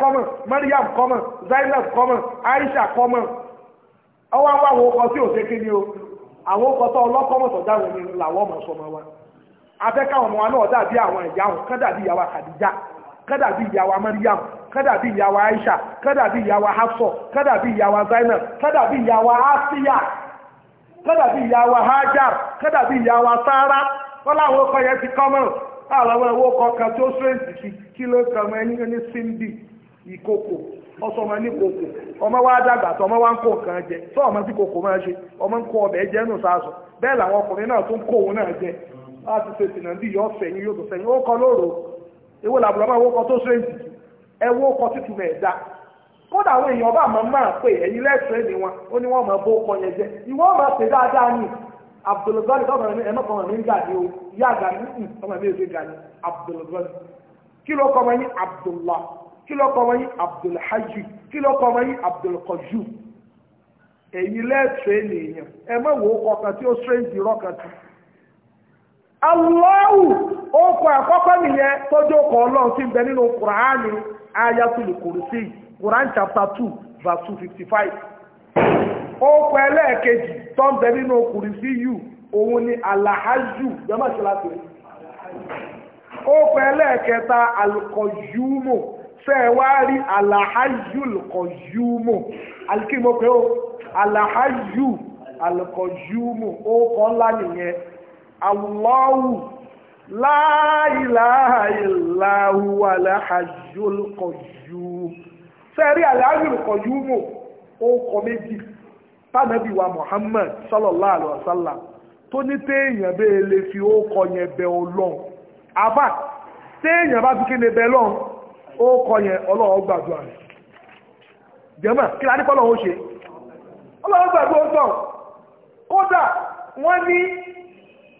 kọ́mọ̀ Mariam kọ́mọ̀ Zainab kọ́mọ̀ Aisha kọ́mọ̀ ọwọ́ àwọn àwọn ọkọ̀ tí ò ṣe kí ni o àwọn ọkọ̀ tó ọlọ́kọ́mọ̀ tó dáwọn ni làwọn ọmọ wa ọmọ wa náà dàbí àwọn dàbí dàbí Mariam ìyàwó Aisha ìyàwó Hafsọ ìyàwó Zainab ìyàwó kọ́dà bí ìyá wa Hajar kọ́dà bí ìyá wa Sara wọ́n láwọn ọkọ̀ yẹn ti kọ́mọ̀ àwọn ẹwọ́ kọkàn tó sírèǹtì sí kí ló kàn mọ́ ẹni ní síndì ìkòkò ọsọ ọmọ ní kòkò ọmọ wa dàgbà tó ọmọ wa ń kó nǹkan jẹ tó ọmọ tí kòkò máa ṣe ọmọ ń kó ọbẹ̀ jẹ́ nù sáàsọ bẹ́ẹ̀ làwọn ọkùnrin náà tó kó òun náà jẹ láti ṣe sìnà bí yọ fẹ̀yìn yóò tó fẹ̀yìn ó kọ lóòrò ewó làbùrọ̀ máa wó kọ tó sírèǹtì ẹwọ́ kọ títù mẹ́ẹ̀dá kódà àwọn èèyàn bá máa máa pè ẹ̀yin lẹ́sẹ̀ẹ́ ni wọn ó ní wọ́n máa bó kọ yẹn jẹ ìwọ máa pè dáadáa ni Abdulgani ọmọ mi ẹ̀mọ́ kan mi ń gà ní o ìyá àgbà mi ń mm, ọmọ mi ò fi gà ní Abdulgani kí ló kọ́ ọmọ yín Abdullah kí ló kọ́ ọmọ yín Abdulhaji kí ló kọ́ ọmọ yín Abdulkọjú ẹ̀yin lẹ́sẹ̀ẹ́ ni èèyàn ẹ̀mọ́ wo kọ̀ọ̀kan tí ó sẹ́yìn rọ́ọ̀kan tún Allahu ó kọ àkọ́kọ́ nìyẹn tó jókòó ọlọ́run ayatul kùrùsì Quran chapter two verse two fifty five ọkọ̀ ẹlẹ́ẹ̀kejì tó ń bẹ nínú kùrùsì yìí òun ni alahaju jẹ́mọ̀ ṣe láti rí ọkọ̀ ẹlẹ́ẹ̀kẹta alkọ̀yúmọ̀ fẹ́ wá rí alahaju alkọ̀yúmọ̀ alikimọ̀pẹ́ o alahaju alkọ̀yúmọ̀ ọkọ̀ ńlá nìyẹn Allahu. La ilaha illa huwa al-hayyul qayyum sẹ́rí al-hayyul qayyum mọ̀ ó kọ méjì tánàbí wa Muhammad sallallahu alaihi wasallam tó ní téèyàn bẹ́ẹ̀ lè fi ó kọ yẹn bẹ ọlọ́run àbá téèyàn bá fi kéde bẹ lọ́run ó kọ yẹn ọlọ́run gbàdúrà rẹ̀ jẹ́mọ̀ kí ládé kọ́lọ̀ ṣe ọlọ́run gbàdúrà ó tàn kódà wọ́n ní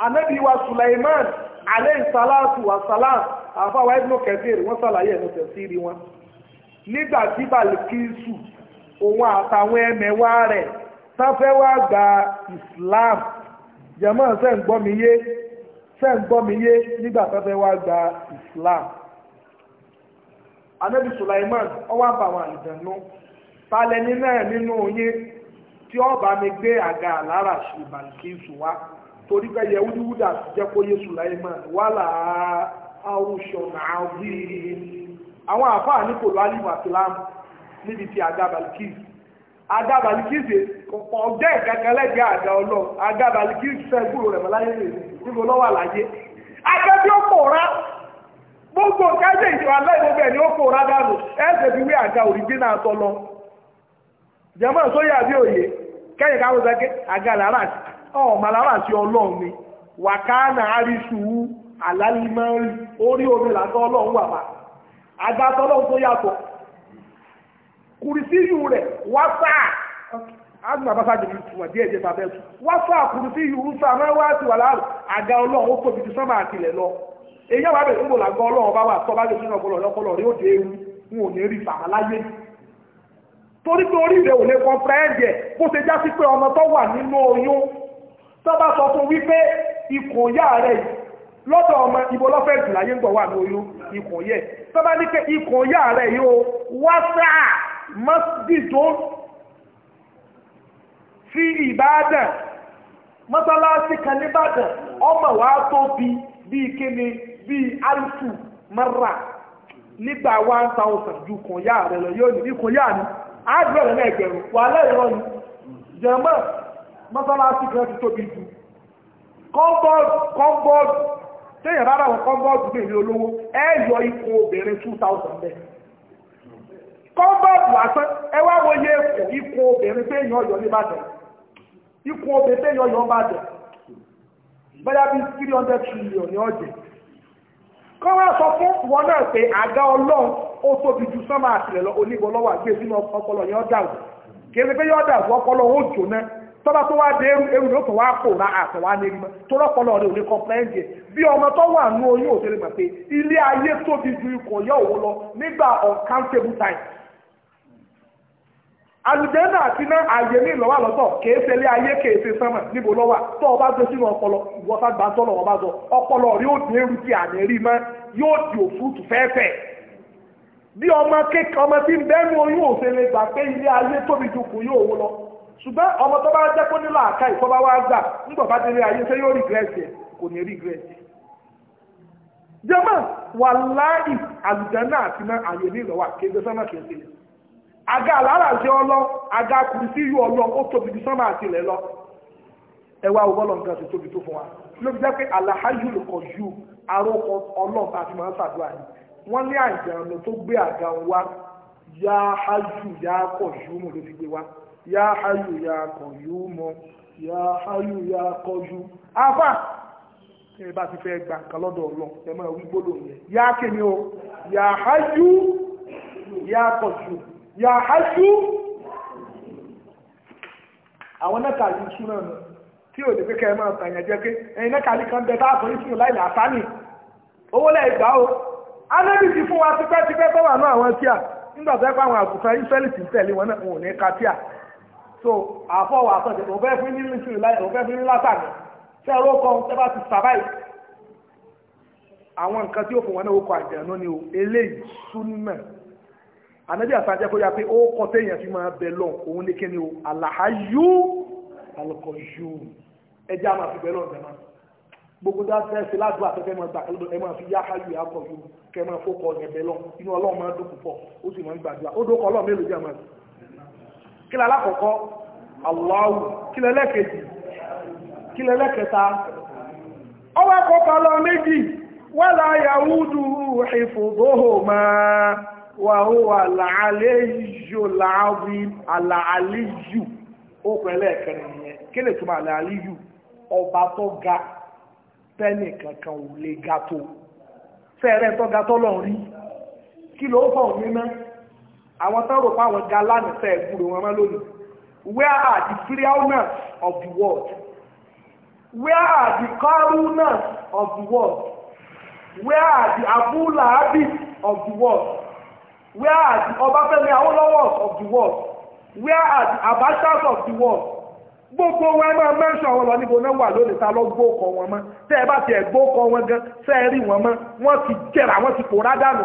ànábì wa Sulaiman alẹ́ ìsàlátù àsàlám àfáwà ẹ̀dùnú kẹfìrì wọ́n sàlàyé ẹ̀nu tẹ̀síìrì wọn nígbà tí balikisu òun àtàwọn ẹ̀mẹ̀wá rẹ̀ sáfẹ́ wá gba Islam jẹ̀mọ́ sẹ́ǹgbọ́miyé sẹ́ǹgbọ́miyé nígbà sáfẹ́ wá gba Islam anabi Sulaiman ọwọ́ àbàwọn àlìjẹ̀nú talẹ́ni náà nínú yín tí ó bá mi gbé àga àlárà ṣùgbọ́n kí n sùn wá torí pé yẹ wúdiwúdà jẹ́ kó yé wala wàhálà arúṣọ àwọn àfáà ní kò lọ alímọ̀ níbi ti agabalikiz agabalikiz kọ̀pọ̀ ọjọ́ ìkankan lẹ́gbẹ̀ẹ́ àga ọlọ́ àgàbàlìkìs fẹ́ gbúrò rẹ̀ mọ́láyé àlàyé akẹ́bí ó pòórá gbogbo ó dànù fi lọ sóyè àbí òye káwọn ọ̀màlára sí ọlọ́run ni wàkánà àríṣùú àlálímọ́rí orí omi làtọ ọlọ́run wà bá agbátọ́ tó yàtọ̀ kùrìsíyù rẹ̀ wásáà àdùnnà bá sáà jẹ̀bi díẹ̀ díẹ̀ wásáà kùrìsíyù wà láàrù àga ọlọ́run ó tóbi ti sọ́mà àtìlẹ̀ lọ èyí àwọn wà jẹ́ sínú tó bá sọ fún wípé ikùn ìyá rẹ̀ lọ́dọ̀ ọmọ ibo lọ́fẹ̀ẹ́sì láyé ń gbọ̀ wà ní oyún ikùn yẹ tó bá ní pé ikùn ìyá rẹ̀ yóò wáṣà mọ́sídìdó sí ìbàdàn mọ́sálásí kan nìbàdàn ọmọ wa tó bí bíi kíni bíi alifu mara nígbà one thousand ju kùn ìyá rẹ̀ lọ yóò ní ikùn ìyá ni àádọ́rẹ̀ náà ẹgbẹ̀rún wàhálà ìrọ̀ ni jẹ̀mọ́ mọ́sálásí kan ti tóbi jù kọ́ńbọ́ọ̀dù kọ́ńbọ́ọ̀dù téèyàn bá rà wọ́n kọ́ńbọ́ọ̀dù gbèrè olówó ẹ ikú obìnrin two thousand bẹ́ẹ̀ kọ́ńbọ́ọ̀dù lásán ẹ wá wo yẹ ikú obìnrin téèyàn yọ ní Ìbàdàn ikú obìnrin téèyàn yọ Ìbàdàn bóyá bí three hundred trillion ní ọ̀jẹ̀ kọ́ wá sọ fún wọn náà pé àga ọlọ́run ó tóbi ju sánmà àtìlẹ̀ lọ oníbọ̀ lọ́wọ́ àgbẹ̀ sínú ọpọlọ yẹn ọ̀dà kí ẹni pé yọ̀ọ̀dà ọpọlọ ó jóná tọ́ba tó wá dé eru yóò tó wá pòórá àtẹ̀wá lérí mọ́ tó rọ́pọ̀lọ́ rẹ̀ ò kọ́pẹ́ǹdì bí ọmọ tó wà nú oyún mọ̀ pé ilé ayé tóbi ju ikọ̀ lọ nígbà uncountable time. àlùjẹ́nà àti iná ààyè ní ìlọ́wà lọ́tọ̀ kèé ayé kèé sánmà níbo lọ́wà tó ọba sínú ọpọlọ ìwọ́sá ọba ọpọlọ rẹ̀ bí ọmọ ṣùgbọ́n ọmọ tó bá jẹ́ kó nílò àká ìfọ́bá wá gbà nígbà bá délé ayé ṣé yóò rìgírẹ́sì ẹ̀ kò ní rìgírẹ́sì. jẹ́mọ̀ wà láì àlùjànnà àti náà àyè ní ìlọ́wà kéde sọ́nà kéde. àga àlàrà jẹ́ ọlọ́ àga kùrù sí yú ọlọ́ ó tóbi ju àti ilẹ̀ lọ. ẹ wá owó lọ́nkà sí tóbi tó fún ju arókọ àti Ya ayù yá akọ̀ yóò mọ yá ayù yá akọ̀jú afa ẹ bá ti fẹ́ gbà nǹkan lọ́dọ̀ ọlọ́ ẹ máa wí gbọ́dọ̀ yẹn yá kíni o yá ayù yá akọ̀jú yá ayù àwọn mẹ́ta yìí súná nù tí ò lè pé kẹ́ ẹ máa tàyàn jẹ́ pé ẹ̀yin náà kàlí kan bẹ bá àkọ́rí sínú láìlà àtàní owó lẹ́yìn gbà ó anábì ti fún wa tipẹ́tipẹ́ bọ́wà náà àwọn tíà nígbà tó ẹ pa àwọn àgùntàn ìfẹ́lì tí ń tẹ̀lé wọn náà ní ká tíà so àfọwọ́ àtọ̀jẹ̀ mo fẹ́ fún ní lùsùlù láyé mo fẹ́ fún ní látàgbẹ̀ ṣé ẹ̀rọ kan tẹ́ bá ti sàbáyì àwọn nǹkan tí ó fún wọn náà ó kọ àjẹ̀nú ni o eléyìí súnmà ànábì àtàjẹ́ kó yá pé ó kọ téèyàn fi máa bẹ̀ lọ òun ní kíni o àlàáyú alùkọ̀yù ẹjẹ́ àmà fi bẹ̀ lọ ọ̀dẹ̀ náà gbogbo dá fẹ́ ṣe láti wà tẹ́fẹ́ máa gbà kálódò ẹ máa fi yá ayù akọ̀yù kẹ́ máa fó kọ ọ̀yẹ̀ bẹ̀ lọ inú ọlọ́run máa dùn púpọ̀ ó sì máa ń gbàdúrà ó dókọ̀ ọlọ́run mélòó jẹ́ àmà kí lẹ́lá kọ̀kọ́ Allahu kí lẹ́lẹ́kẹ̀ẹ́jì kí lẹ́lẹ́kẹta ọwọ́ kọ́kọ́ lọ méjì wala yàwúdù hifuduhuma wa huwa al-aliyyu al-azim al-aliyyu ó pẹ̀lẹ́ ẹ̀kẹrin yẹn kí lè túnmọ̀ al-aliyyu ọba tó ga tẹ́nì kankan ò lè ga tó fẹ́ẹ̀rẹ́ tó ga tọ́lọ̀ rí kí ló fọ̀ nínú àwọn tán rò fáwọn galani fẹ́ gbúrò wọn lónìí where are the firauners of the world where are the karuners of the world where are the abulahabi of the world where are the ọbáfẹ́mi awólọ́wọ̀ of the world where are the abashas of the world gbogbo wọn máa mẹ́ṣọ́ àwọn lọ́nìbò náà wà lónìí ta lọ gbóòkọ̀ wọn mọ́ tẹ́ ẹ bá ti ẹ̀ gbóòkọ̀ wọn gan sẹ́ẹ̀rí wọn mọ́ wọ́n ti jẹ́ra wọ́n ti pòórá dànù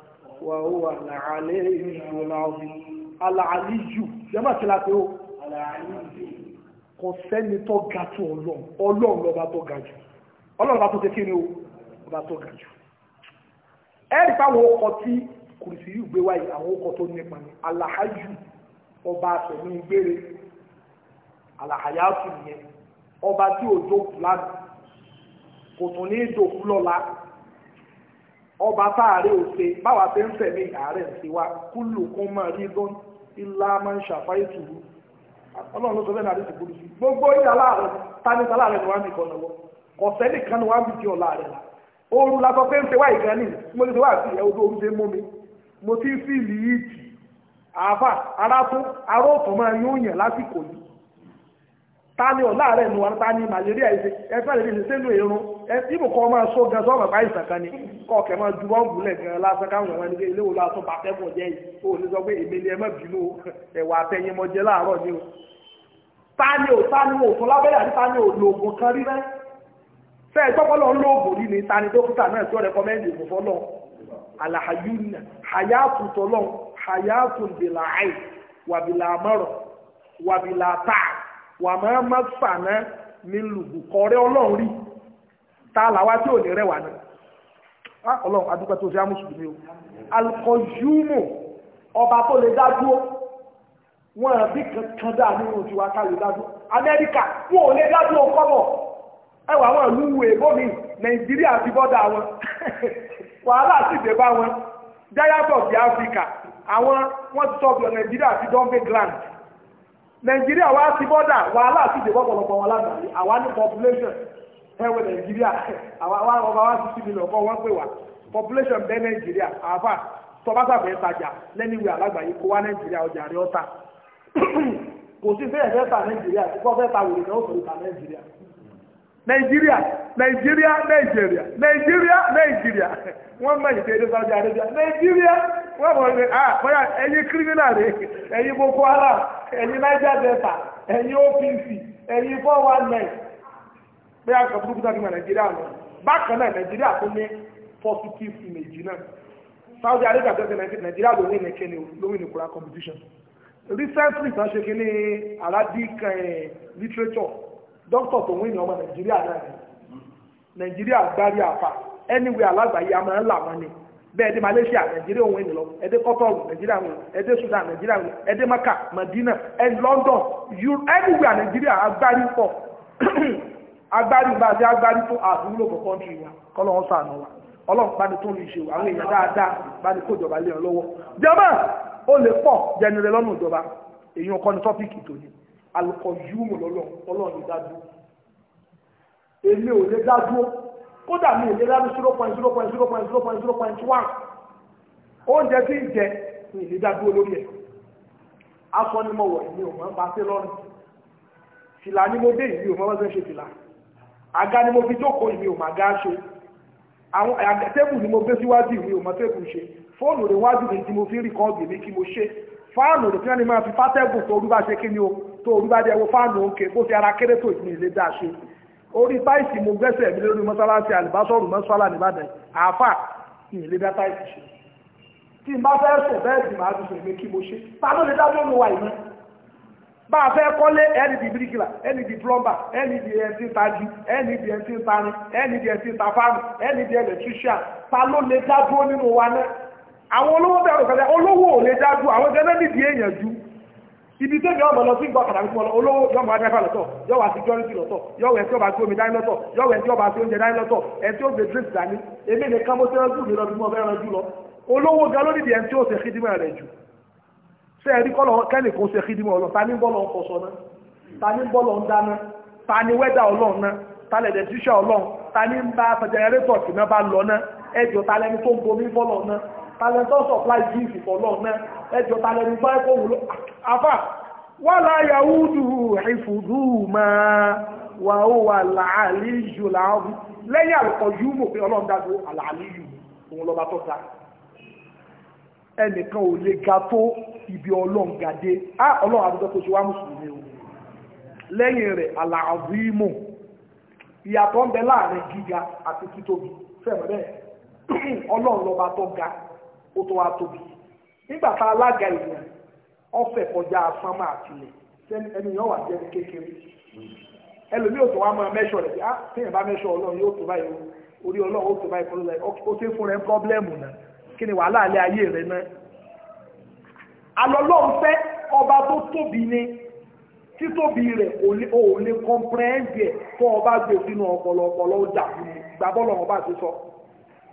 wà ó wà láàálẹ́ ìrìnàwó láàbí aláàlíjù jẹ́mà tí láti ó kò sẹ́ni tó ga tó ọlọ́run ọlọ́run lọ́ba tó ga jù ọlọ́run bá tó ṣe kí ni ó ọba tó ga jù ẹ̀rí táwọn ọkọ̀ tí kùrìsì yìí gbé wáyé àwọn ọkọ̀ tó nípa ni aláàjù ọba àtẹ̀mí gbére aláàyàtù yẹn ọba tí ò dókù lánàá kò tún ní dòkú lọ́la ọba táàrí òfin báwa ṣe ń fẹ̀mí ààrẹ sí wa kúlù kún mọ́ rí gán ilá máa ń ṣàfáyé tùrú ọlọ́run ló sọ bẹ́ẹ̀ láti ṣùgbọ́n sí gbogbo ìyá láàrẹ tani ta láàrẹ ni wọ́n á nìkan lọ́wọ́ ọ̀sẹ̀ nìkan ni wọ́n á bì jẹ́ ọ̀la rẹ̀ la oorun la sọ pé ń ṣe wá ìgbà ní mo ti ṣe wá àti ìyẹn ojú oúnjẹ mú mi mo ti ń fìlì yìí àáfà ará tó máa yún yàn lásìkò yìí tani ọ̀ láàárẹ̀ nu wọn tani malaria ẹsẹ ẹsẹ lè fi sẹ́nu irun ibù kọ́ máa so gan sọ́ọ̀mọ̀ bá ìsàn kan ni kọ́ ọ̀kẹ́ máa ju wọ́n gúnlẹ̀ gan lásán káwọn ẹ̀wọ̀n nígbà ilé wo lásán bá fẹ́ mọ̀ jẹ́ yìí ó ní sọ pé èmi ni ẹ má bínú ẹ̀wà àtẹ̀yìn mọ̀ jẹ́ láàárọ̀ ni o tani ò tani ò fún lábẹ́rẹ́ àti tani ò lo oògùn kan rí rẹ́ fẹ́ẹ́ gbọ́pọ́lọ́ ń lo oògùn yìí ni tani dókítà náà tí ó rẹ́kọ́mẹ́ndì ògùn fọ́lọ́ alahayuna hayatu tọ́lọ́ hayatu bìlà àì wàbìlà àmọ́rọ̀ wà máa má sànà ní lùbùkọ́rẹ́ ọlọ́run rí tá a làwa tí ò ní rẹwà ni ah, ọlọ́run adúgbò tó ṣe á mùsùlùmí o alukọ̀júmù ọba tó lè dá dúró wọn àbí kankan dáa nínú tiwa ká lè dá dúró amẹ́ríkà wọn ò lè dá dúró kọ́bọ̀ ẹwà wọn lù wù èbó mi nàìjíríà ti bọ́dà wọn wàhálà sì dé bá wọn giant of the africa àwọn wọn ti sọ pé nàìjíríà ti dọ́ńgbé grand nàìjíríà wá sí bọ́dà wàhálà sí ìdìbò ọ̀pọ̀lọpọ̀ wọn lágbàáyé àwa ní population ẹ̀wẹ̀ nàìjíríà àwa ọba wá sí síbi lọ́kọ́ wọn pè wá population bẹ́ nàìjíríà àáfà tọ́bátàbẹ̀ ìtajà lẹ́ni ìwé alágbàáyé kó wá nàìjíríà ọjà rí ọ̀tà kò sí fẹ́ẹ̀ fẹ́ ta nàìjíríà kó fẹ́ ta wòlé náà ó fẹ́ ta nàìjíríà nàìjíríà nàìjíríà nàìjíríà nàìjíríà nàìjíríà wọ́n mọ̀ ìṣe èdè sọ́jà àdéjà nàìjíríà wọ́n mọ̀ ní à ah, bóyá ẹ̀yin kírímínà rè ẹ̀yin boko haram ẹ̀yin niger delta ẹ̀yin opc ẹ̀yin four one nine bóyá nǹkan burúkú náà ní nàìjíríà nù bákan náà nàìjíríà tó ní positive image náà sọ́jà àdéjà tó ní nàìjíríà ló ní nìkẹ́ni lórí nìkúra competition recently kan ṣe kí ní arabic eh, literature dókítà tó wí ní ọmọ nàìjíríà náà ni nàìjíríà gbárí àfà anywhere alágbàáyé a máa ń là wọn ni bẹ́ẹ̀ dé malaysia nàìjíríà òun ènìyàn ẹ̀dẹ́ kọ́tọ́ọ̀lù nàìjíríà òun ẹ̀dẹ́ sudan nàìjíríà òun ẹ̀dẹ́ maka madina ẹ̀ london anywhere nàìjíríà agbárí pọ̀ agbárí bá a ti agbárí tó àdúgbò for country wa kọ́lọ́ wọn sànù wa ọlọ́run bá ní tó ń lu ìṣèwà àwọn èèyàn dáadáa bá ní kó ìjọba lé ọ lọ́wọ́ jẹ́mọ́ ó lè pọ̀ jẹnirẹ lọ́nà ìjọba èyí ọkọ ni tọ́píìkì tòní alukọ̀yúmù lọ́lọ́ ọlọ́run lè dádú èmi ò lè dádú kódà mi ò lè dádú zero point zero point zero point zero point zero point one oúnjẹ tí ń jẹ mi ò lè dádú olórí ẹ̀ aṣọ ni mo wọ̀ èmi ò mọ̀ ń bá sí lọ́rùn fìlà ni mo dé ìlú ò mọ̀ bá ṣe fìlà àga ni mo fi jókòó ìlú ò mọ̀ àga ṣe àwọn àtẹ́bù ni mo gbé síwájú ìwé ò mọ̀ tẹ́bù ṣe fóònù rẹ̀ wájú mi tí mo fi rìkọ́ọ̀dù mi kí mo ṣe fáànù rẹ̀ tí wọ́n ní máa fi fátẹ́bù tó rú kí ni o tó orí bá dé ẹwọ fáànù òǹkè bó ti ara kéré tó ìpín ilé dá ṣe orí táìsì mo gbẹ́sẹ̀ mi lórí mọ́sálásí àlùbásọ́rù mọ́sálà nìbàdàn àáfà ìlé dá táìsì ṣe tí n bá fẹ́ sùn bẹ́ẹ̀ sì máa fi sùn èmi kí mo ṣe ta ló lè dá lónìí wa ìmọ̀ bá a fẹ́ kọ́lé ẹni di bíríkìlà ẹni di plọ́mbà ẹni di ẹtí tajú ẹni di ẹtí tarin ẹni di ẹtí tafáàmù ẹni di ẹlẹtíríṣà ta ló lè dá nínú wa náà àwọn olówó bẹ̀rù kẹsẹ̀ olówó ò lè dá dúró àwọn gẹ́gẹ́ nídìí èèyàn ju ibi tó yọ ọmọ lọ sí nǹkan kàdàbí fún ọ olówó yọ ọmọ adẹ́fà lọ́tọ̀ yọ wà síkírọ́rìtì lọ́tọ̀ yọ wẹ̀ tí ọba tí omi dání lọ́tọ̀ yọ wẹ̀ tí ọba tí oúnjẹ dání lọ́tọ̀ ẹ̀ tí ó gbé drinks dání èmi ní kámọ́ tí wọ́n mi lọ bí mo fẹ́ ranjú lọ olówó ga lórí ìdí ẹ̀ tí ó ṣe kídìmọ̀ rẹ̀ jù ṣé ẹ̀rí kọ́lọ̀ kẹ́lì kò ṣe kídìmọ̀ ọlọ́ ta ní bọ́lọ̀ ọkọ̀ṣọ́ náà ta ní bọ́lọ̀ ń dáná ta ní wẹ́dà ọlọ́run náà ta lẹ̀dẹ̀ tíṣà ọlọ́run ta ní ń bá jẹnẹrétọ̀ tì náà bá lọ náà ẹjọ́ ta lẹni tó ń bomi bọ́lọ̀ náà talentọ́ supply gift fọ́lọ́ náà ẹjọ́ talent bá ẹkọ́ wùlọ afá wà láyà wúdù ìfùdú máa wà ó wà láàlíjù láàbù lẹ́yìn àlùkọ yìí mọ̀ pé ọlọ́run dájú àlàálíjù òun lọ́ba tó ga ẹnìkan ò lè ga tó ibi ọlọ́run gàdé á ọlọ́run àbújọ tó ṣe wá mùsùlùmí o lẹ́yìn rẹ̀ àlàáfù ìmọ̀ ìyàtọ̀ ń bẹ láàrin gíga àti títóbi fẹ́ẹ̀mọ́ bẹ́ẹ̀ ọlọ́run lọ́ba tó ga ó tó wá tóbi nígbà tá a lága èèyàn ọ̀fẹ́ kọjá sánmà àtìlẹ̀ ẹni yẹn wà jẹ́ kékeré ẹlòmí ò tó wá máa mẹ́ṣọ̀ rẹ̀ á ah, téèyàn bá mẹ́ṣọ̀ ọlọ́run yóò tó báyìí orí ọlọ́run ó tó báyìí kọ́ lọ́la ó ti fún rẹ̀ pọ́blẹ́mù náà kí ni wàhálà alẹ́ ayé rẹ̀ náà alọ́lọ́run fẹ́ ọba tó tóbi ni títóbi rẹ̀ ò lè kọ́ńpẹ́ẹ́ǹdì ẹ̀ tó ọba gbé sínú ọpọlọ ọpọlọ ó dà fún mi gbàbọ́lọ̀ ọba ti sọ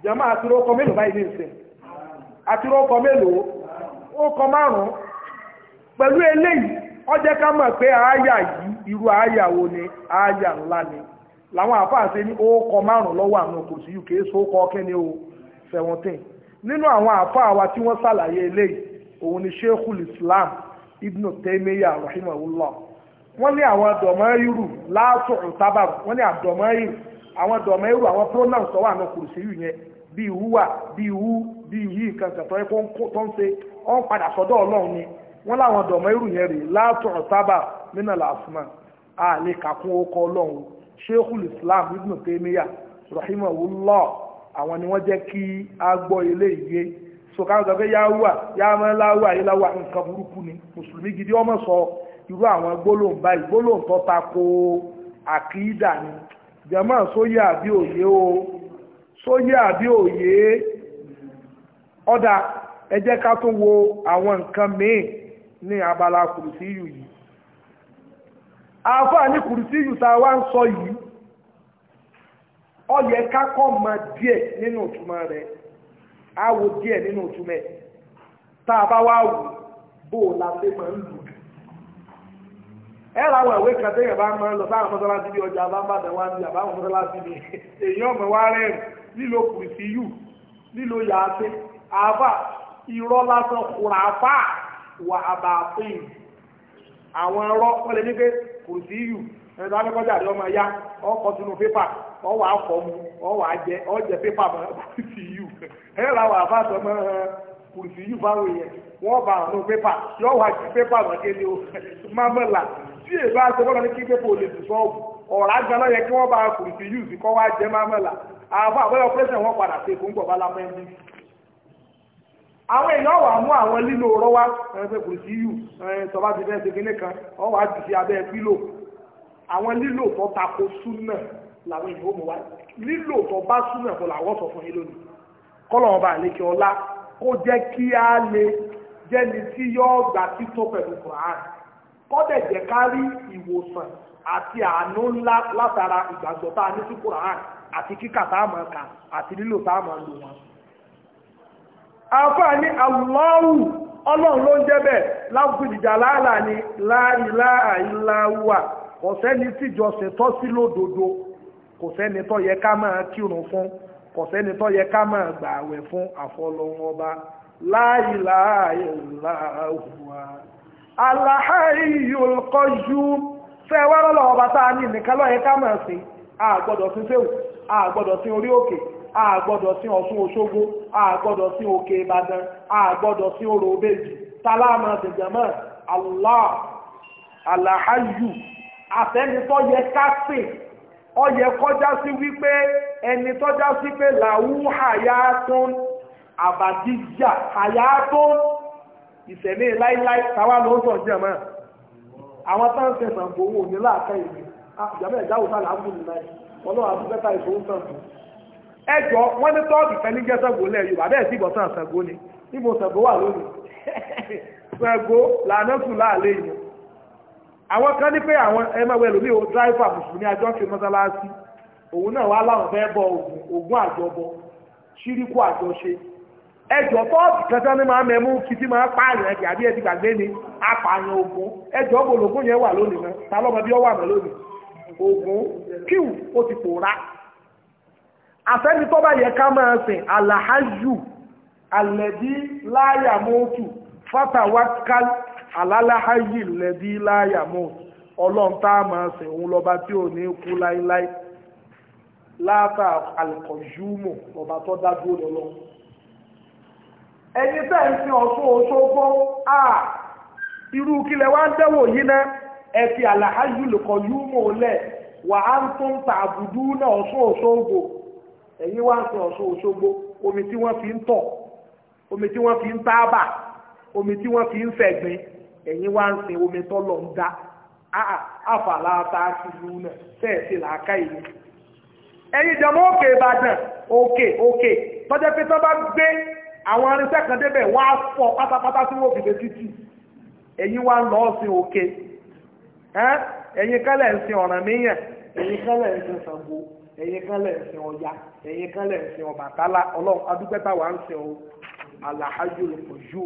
jàmáà àti rọ́kọ mélòó báyìí ní ìsìn àti rọ́kọ mélòó ó kọ márùn-ún pẹ̀lú eléyìí ó jẹ́ ká mọ̀ pé àáyà yìí irú àáyà wo ni àáyà ńlá ni làwọn àfáàṣe ní ó kọ márùn-ún lọ́wọ́ àwọn kò sí uk so kọ o seventeen nínú àwọn àfáà wa tí wọ́n ṣàlàyé eléyìí òun ni sheikhul islam ibn taymiya rahimahullah wọ́n ní àwọn dọ̀mọ́irù látò ìtàbà wọ́n ní àdọ̀mọ́irù àwọn dọ̀mọ́irù àwọn pronouns tó wà ní kùrùsí yìí yẹn bíi ìwúwà bíi ìwú bíi ìyí nǹkan kan tó ń tó ń ṣe ó ń padà sọ́dọ̀ ọlọ́run ni wọ́n láwọn dọ̀mọ́ irú yẹn rèé látọ̀ sábà nínú làásùmá a lè kàkún orúkọ ọlọ́run sheikhul islam ibn taymiya rahimahullah àwọn ni wọ́n jẹ́ kí a gbọ́ eléyìí sọ̀kà gbàgbé yáwà yáwà yáwà nǹkan burúkú ni mùsùlùmí gidi ọmọ sọ irú àwọn gbólóhùn báyìí gbólóhùn tó ta ko àkídà ni jẹ́mọ́ sóyè àbí òye o sóyé àbí òye ọ̀dà ẹ jẹ́ ká tún wo àwọn nǹkan míì ní abala kùrùsíyù yìí àáfàá ní kùrùsíyù tá a wá ń sọ yìí ó yẹ ká kọ́ mọ díẹ̀ nínú ìtumọ̀ rẹ̀ á wo díẹ̀ nínú ìtumọ̀ ẹ̀ tá a bá wá wò bó o la ṣe máa ń lò ẹ̀rọ àwọn ìwé kan tẹ́yẹ̀ bá máa ń lọ sáwọn mọ́sálásí bí ọjà bá ń bàdàn wá ń bí àbáwọn mọ́sálásí bí èyí ọmọ wa rẹ̀ rìn lílo kùrìsíyù lílo yàáṣe àáfà irọ́ lásán kùràfà wà àbàfin àwọn ẹ̀rọ wọ́n lè ní pé kùrìsíyù ẹ̀rọ amẹ́kọ́jà rẹ̀ ọmọ ya ọkọ̀ sínú pépà ọwọ́ akọ̀ mu ọwọ́ ajẹ ọjẹ pépà mọ́ kùrìsíyù ẹ̀rọ làwọn àbá sọ mọ́ kùrìsíyù báwọn yẹn wọ́n bá àwọn pépà yọ wá ju pépà mọ́ kéde o máa mọ̀ là tí èbá sọ wọ́n lọ ní kí pépà ò lè dùn sọ́ọ̀bù ọ̀rá gan-an yẹ kí wọ́n bá kùrìsíyù sí kọ́ wá jẹ́ máa mọ̀ là àwọn àbẹ́rẹ́ operation wọ́n padà ṣe fún gbọ̀bá lámọ́ ẹni àwọn èèyàn wà mú àwọn lílo rọ́wá ẹgbẹ́ kò sí yù tọba ti fẹ́ẹ́ segin nìkan wọ́n wá jù sí abẹ́ pílò àwọn lílo tó tako súnà làwọn èèyàn ó mú wá lílo tó bá súnà kọ́ làwọn sọ fún yín lónìí kọ́lọ̀ ọba àlekè ọlá kó jẹ́ kí á lè jẹ́ni tí yóò gbà tító pẹ̀lú Quran kọ́dẹ̀ jẹ́ ká rí ìwòsàn àti àánú ńlá látara ìgbàgbọ́ tá a ní sí Quran àti kíkà tá a máa kà àti lílò tá a máa lò wọn. àfáà ní Allahu ọlọ́run ló ń jẹ́ bẹ́ẹ̀ láwùjọ láàlà ni la ilaha illa huwa kò sẹ́ni tíjọsìn tọ́ sí lódodo kò sẹ́ni tó yẹ ká máa kírun fún kò sẹ́ni tó yẹ ká máa gbààwẹ̀ fún àfọlọ́run ọba la ilaha illa huwa Al-Hayyul Qayyum fẹ́ wá lọ́lọ́ ọba tá a ní nìkan ló ká máa sìn àgbọ̀dọ̀ fífẹ́ òkú a gbọ́dọ̀ sin orí òkè a gbọ́dọ̀ sin ọ̀ṣun òṣogbo a gbọ́dọ̀ sin òkè ìbàdàn a gbọ́dọ̀ sin orò òbejì tálámà dèjàmọ́ allah alahayu àfẹnitọ́ yẹ ká pè ọ yẹ kọjá sí wípé ẹni tọ́já sí pé làwú hayatun àbàdíjà hayatun ìṣẹ̀lẹ̀ láíláí tàwa ló ń sọ̀rọ̀ jẹ̀mọ́ àwọn táǹkì ẹ̀sán gbowó òní láàká ìlú àjàmẹ́ ah, ìjáwó sálà ń bù nínú náà ọlọ́run àbúkẹ́ta ìṣòwò sàn fún. ẹ jọ wọn ní tọ́ọ̀kì kan ní jẹ́sàgbó lẹ̀ yorùbá bẹ́ẹ̀ sì bọ̀ sàn Ṣàngó ni níbo Ṣàngó wà lónìí Ṣàngó làánà sùn láàlẹ́ yìí àwọn kan ní pé àwọn ẹmẹ́wẹ́ lómi ò dráìfà mùsùlùmí àjọṣe mọ́sálásí òun náà wá láwọn fẹ́ bọ ògùn ògùn àjọbọ ṣíríkù àjọṣe ẹjọ bọọbù kẹta ní máa mẹmú kìtì máa pààyàn ẹjẹ àbí ẹdí gbàgbé ni apààyàn ògùn ẹjọ gbòlògùn yẹn wà lónìí náà ta lọmọ bí ó wà mọ lónìí ogun kíw ó ti pòórá àfẹ́ni tó bá yẹ ká máa sìn alahaju alẹ́bí láyà mọ́tù fatawakal alalahayi lẹ́bí láyà mọ́tù ọlọ́run tá a máa sìn òun lọ́ba tí ò ní kú láíláí láàtà alìkọ̀júmọ̀ ọba tó dájú lọ́lọ́ ẹni tẹ́ ń sin ọ̀ṣun òṣogbo a irú kílẹ̀ wá ń dẹ́wò yìí náà e fi àlàájú lùkọ̀ yú mò lẹ̀ wà á tó ń ta àbùdú náà òṣogbo ẹ̀yin wá ń sọ òṣogbo omi tí wọ́n fi ń tọ̀ omi tí wọ́n fi ń tábà omi tí wọ́n fi ń fẹ̀gbin ẹ̀yin wá ń sin omi tọ́lọ̀ ń dá àfàlà ta sí lù náà sẹ́ẹ̀sì làákà ìlú ẹ̀yin jẹmọ́ òkè ìbàdàn òkè òkè pé gbé àwọn arinṣẹ́ kan ẹ̀yin kálẹ̀ ń sin ọ̀ràn míyàn ẹ̀yin kálẹ̀ ń sin Ṣàngó ẹ̀yin kálẹ̀ ń sin Ọya ẹ̀yin kálẹ̀ ń sin Ọbàtálá ọlọ́run adúgbẹ́ táwa ń sin o alahaju ojú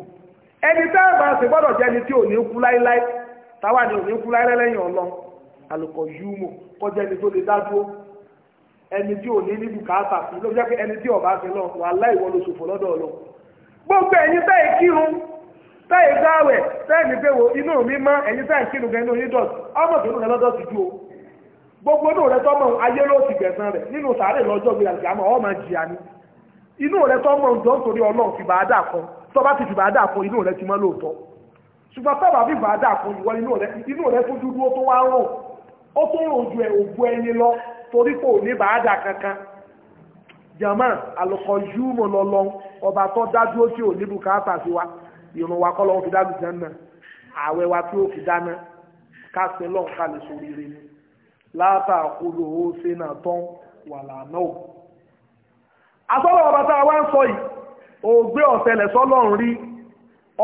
ẹni tá a máa sìn gbọ́dọ̀ jẹ́ ẹni tí ò ní kú láíláí táwa ni ò ní kú láíláí lẹ́yìn ọlọ́run alùpọ̀ yúmọ̀ kọjá ẹni tó lè dá dúró ẹni tí ò ní ní bùkátà sí ló jẹ́ pé ẹni tí ọ̀bá sí náà wà láìwọ́ lóṣù fọ́ lọ́dọ̀ ọlọ́run gbogbo ẹ̀yin bẹ́ẹ̀ kírun táyì gbáwẹ̀ táyì ní pẹ́wò inú mi mọ́ ẹ̀yìn táyì kínú gan inú yídọ̀ ọmọ tó rẹ̀ lọ́dọ̀ sí ju o gbogbo inú rẹ̀ tọ́mọ ayé ló ti gbẹ̀san rẹ̀ nínú sàárẹ̀ lọ́jọ́ gbé àti àmọ́ ọmọ jìyà ni inú rẹ̀ tọ́mọ jọ nítorí ọlọ́run fi bàá dà kan tọ́ba ti fi bàá dà kan inú rẹ̀ ti mọ́ lóòótọ́ ṣùgbọ́n tọ́ba fi bàá dà kan ìwọ inú rẹ̀ inú dúdú tó wá rùn ó tó rùn ju òbu ẹni lọ torí kò ní bàá dà kankan jama alùpùpù yúmọ̀ lọ́lọ́ ọba tó dájú ó sì ò ní bùkátà sí wa ìrun wa kọ́ lọ́wọ́ fi dágùn jẹ́ náà ààwẹ̀ wa tí ó fi dáná ká sin lọ́n ká lè so rere ni látàkùlò ó ṣe náà tán wà lànà ò. asọ́lọ́ ọba tá a wá ń sọ yìí ògbé ọ̀sẹ̀lẹ̀ sọ́lọ́run rí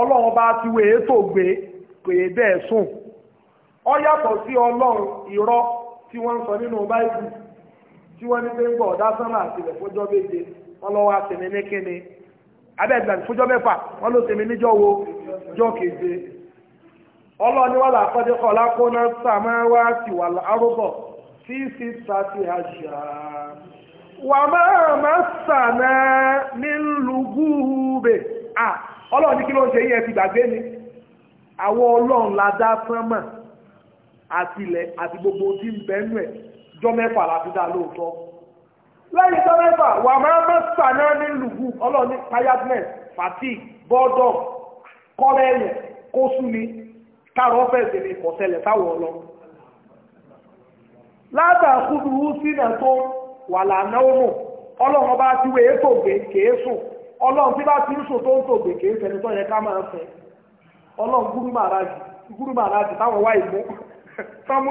ọlọ́run bá ti wèé e tó gbé pé bẹ́ẹ̀ sùn ọ yàtọ̀ sí ọlọ́run irọ́ tí wọ́n ń sọ nínú báyìí tí wọ́n ní pé ń gbọ́ ọ̀dá àtìlẹ̀ fọ́jọ́ méje wọ́n lọ́wọ́ àtẹ̀mí ní kíni abẹ́gbẹ̀rún fúnjọ́ mẹ́fà wọ́n ló tèmi níjọ́ wo jọ́ keje ọlọ́ni wà lápọ́dé kọ́ lákóná sàmáwá ti wà lárúbọ̀ tí sì sàti àṣà wà máa má sànà nílùúgbùbè à ọlọ́ni kí ló ń ṣe yẹn ti gbàgbé ni àwọn ọlọ́run la dá sánmà àtilẹ̀ àti gbogbo tí ń bẹ́ẹ̀ nù ẹ̀ jọ́ mẹ́fà láti dá lóòótọ́ lẹ́yìn tó mẹ́fà wà máa mẹ́fà náà ní lùgù ọlọ́ọ̀ni tiredness fatigue boredom kọ́lẹ́yìn kó sú ni káàrọ̀ fẹ̀sẹ̀ ní ìkọ̀sẹ̀lẹ̀ táwọn ọlọ́ látàkùdù sínà tó wà lànà ó ọlọ́run bá ti wé tògbé kèé sùn ọlọ́run tí bá ti ń sùn tó ń tògbé kèé sẹ́ni tó yẹ ká máa fẹ́ ọlọ́run gúrú gúrú táwọn wáyé mú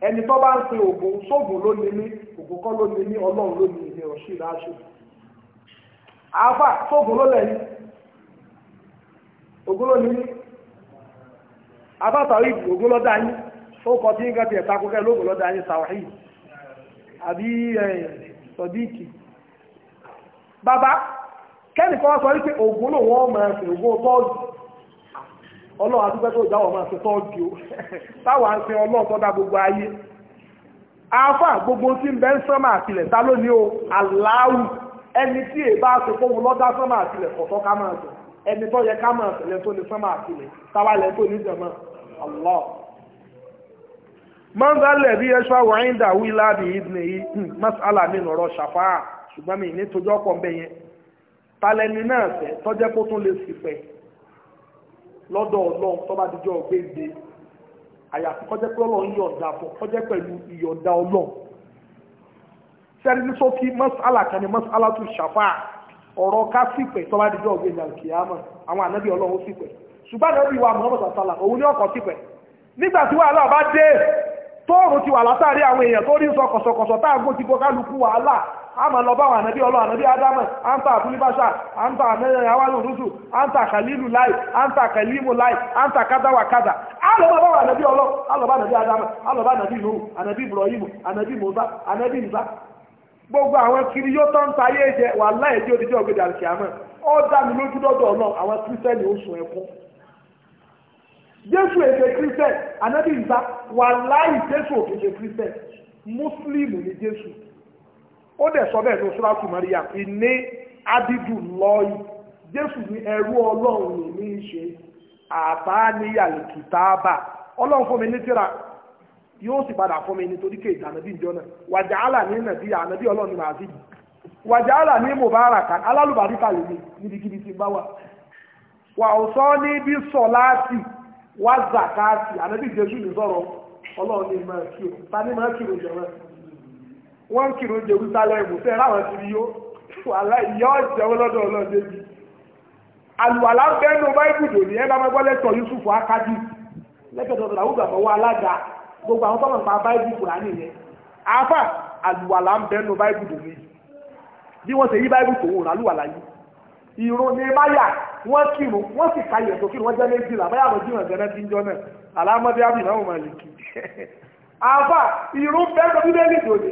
ẹni tó bá ń pe ògùn sóògùn ló ní ògùn kọ́ ló ní ọlọ́run ló ní ọ̀ṣì láṣù àáfà sóògùn ló lẹ̀ ògùn ló ní ògùn ló dá yín ó kọ tí àbí sọdíìkì bàbá kẹ́nìkan ọlọ́run adúgbẹ́ tó jáwọ́ máa ṣe tọ́ọ̀dì o táwa ń sin ọlọ́run tó dá gbogbo ayé afa gbogbo tí ń bẹ ń sánmà àtìlẹ̀ ta lónìí o aláwù ẹni tí èyí bá ṣe fóun lọ́dá sánmà àtìlẹ̀ kọ̀tọ́ ká máa sùn ẹni tó yẹ ká máa sẹ̀lẹ̀ tó ní sánmà àtìlẹ̀ táwa lẹ̀ tó ní jẹ̀mọ́ Allah. mọ́ńdálẹ̀ bí ẹṣọ́ wàhíń dàwí ń bẹ yẹn lọ́dọ̀ ọlọ́run tó bá dijọ́ gbéǹde àyàfi kọjẹ́ pé ọlọ́run yọ̀ǹda fún kọjẹ́ pẹ̀lú ìyọ̀ǹda ọlọ́run sẹ́ni ní sọ́kí mọ́sálà kan ní mọ́sálà ṣàfà ọ̀rọ̀ ká tó bá dijọ́ àwọn ànábì ọlọ́run ṣùgbọ́n tóòrùn ti wà látàrí àwọn èèyàn tó rí ń sọ kọ̀sọ̀kọ̀sọ̀ tá àgbó ti kọkálukú wàhálà àmà lọ bá wà nàbí ọlọ́ ànàbí ádámà áńtà àfúlíbáṣà áńtà àwálò eh, rúsù áńtà kàlílù láì áńtà kàlímù láì áńtà kádàwàkádà alọ́bà bá wà nàbí ọlọ́ alọ́bà gbogbo àwọn kiri yóò tán ta ayé jẹ odidi dá mi lójú ọlọ́ àwọn jésù eke christian ànábì ìgbà wà láì jésù òkèèdè christian muslim ni jésù ó dẹ̀ sọ bẹ́ẹ̀ ní sùràtù maria ìní adidu lọ́ọ̀yì jésù ní ẹrú ọlọ́run ló ní í ṣe àbá níyàlè kìtàbà ọlọ́run fún mi ní tíra yóò sì padà fún mi nítorí kéèdè ànábì ìjọ náà wàjà àlà ní nàbí ànábì ọlọ́run ní mubaraka alálùbáríkà sọ ní wá zakati ànábì jésù ní sọ̀rọ̀ ọlọ́run ní máa kí o ta ní máa kí o jẹ̀rọ wọ́n ń kírun jerusalem fẹ́ ráwọn ti yó wàhálà ìyá ọ̀jẹ̀wọ́ lọ́dọ̀ ọlọ́run débi àlùwàlà ń bẹ́ẹ̀ ní ọba ibùdó ní ẹ̀rọ amẹ́gbọ́ lẹ́tọ̀ yusuf akadi lẹ́tọ̀tọ̀ tó làwùjọ àmọ́wọ́ alága gbogbo àwọn tọ́lọ̀ nípa báìbù kùrà nìyẹn afa àlùwàlà ń bẹ́ẹ̀ ní ọba ibùdó ní bí wọ́n ṣe yí báìbù tó wò rà àlùwàlà yìí ìrún ní báyà wọ́n kìrù wọ́n sì ka yẹ̀ sókè wọ́n jẹ́ méjìlá báyà wọ́n jìnnà gẹ́gẹ́ bí njọ́ náà alámọ́dé àbìnà wọn máa yìí kì í. àfà ìrún bẹ́ẹ̀ lọ bíbélì dòde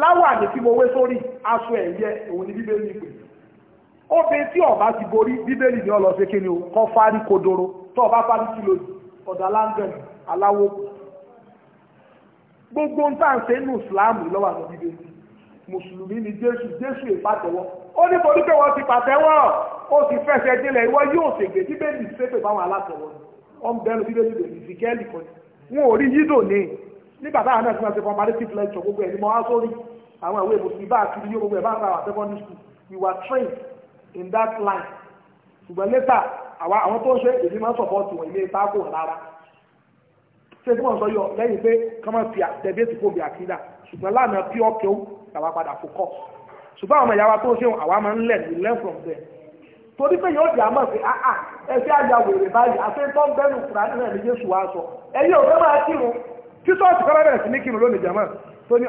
láwà ní tí mo wé sórí aṣọ ẹ̀yẹ òun ni bíbélì pè obìnrin tí ọba ti borí bíbélì ni ọlọ ṣe kíni o kọ fárí kodoro tó ọba fárí kìlò ọ̀dà láńgẹ̀lì aláwọ̀ gbogbo ń tà ń ṣe nù ìsìláàmù lọ́wọ́ àwọn bíbélì mùsùlùmí ni jésù jésù ìbátẹ̀wọ́ ó ní torí pé wọ́n ti pàtẹ́wọ́ ó sì fẹsẹ̀ délẹ̀ ìwọ yóò ṣègbè tí bẹ́ẹ̀ ní báwọn alátọ̀wọ́ ni wọ́n bẹ́ẹ̀ bí bẹ́ẹ̀ ní ìsìkẹ́lì kan wọn ò rí yídò ní nígbà táwọn náà ti máa ṣe comparative lecture gbogbo ẹ̀ ní mo sórí àwọn ìwé ìbòsí bá àti yóò gbogbo ẹ̀ bá ń ra secondary school we were trained in that line ṣùgbọ́n later àwọn tó ń ṣe èdè máa ń sọ̀pọ̀tù wọn ilé ìta kò lára ṣé tí wọ́n sọ yọ lẹ́yìn pé kọ́mọ̀ fi debate kò bí àkídà ṣùgbọ́n lánàá pure kill làwọn padà focus ṣùgbọ́n àwọn ọmọ wa tó ń ṣe àwa máa ń lẹ̀ we learn from them torí pé yóò jà mọ̀ sí àà ẹ̀fẹ́ àjà wèrè báyìí àfẹ́tọ́ bẹ́nu kùránì náà ní Jésù Yesu sọ ẹ̀yìn òfẹ́ máa kírun tí sọ́ọ̀tì kọ́lá bẹ̀rẹ̀ sí ní kírun lónìí jàmọ́ tó ní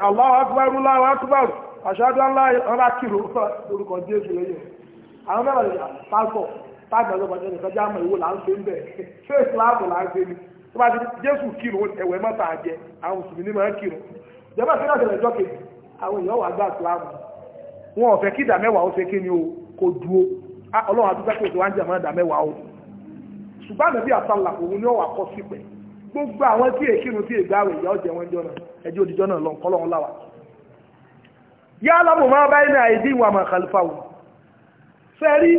ńlá Jésù àwọn wọn ò fẹ́ kí ìdá mẹ́wàá ó ṣe kí ni o kò dúró ọlọ́run adúgbò pé ìdíwájú àmọ́ ìdá mẹ́wàá o ṣùgbọ́n àmì àtàlà òun ni ó wà kọ́ sí pẹ̀ gbogbo àwọn tí èkínu tí ègbà rẹ̀ ìyá ọ̀jẹ̀ wọn jọ́nà ẹjọ́ òdìjọ́ náà lọ́n kọ́lọ́run láwà yá alámù máa bá iná àìdí ìwà àmà kàlífà wò fẹ́rí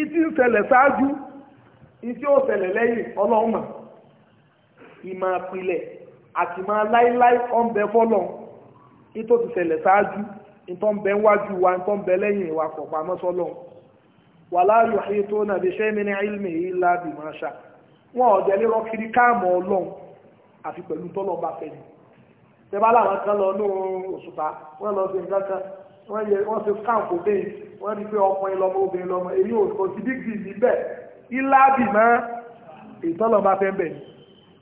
ìtí ń ṣẹlẹ̀ ṣáájú ìtí ó ṣẹlẹ̀ lẹ́yìn ọlọ́run mọ̀ ìmọ̀ àpilẹ̀ àti máa láíláí ọ̀nbẹ fọ́lọ́run ìtó ti ṣẹlẹ̀ ṣáájú ntọ́ ń bẹ wájú wa ntọ́ ń bẹ lẹ́yìn wa kọ̀ pamọ́ sọ́lọ́ wala yuhituna bi shay'in min ilmihi illa bima sha wọn ò jẹ́ lérò kiri káàmù ọlọ́run àfi pẹ̀lú tọ́lọ́ bá fẹ́ ni tẹ́bá làwọn kan lọ ní òṣùpá wọ́n lọ sí nǹkan kan wọ́n yẹ wọ́n ṣe scan kò dé wọ́n rí pé ọkùnrin lọ́mọ obìnrin lọ́mọ èyí ò kò sí bíkì níbẹ̀ illa bima ìtọ́lọ́ bá fẹ́ bẹ̀ ni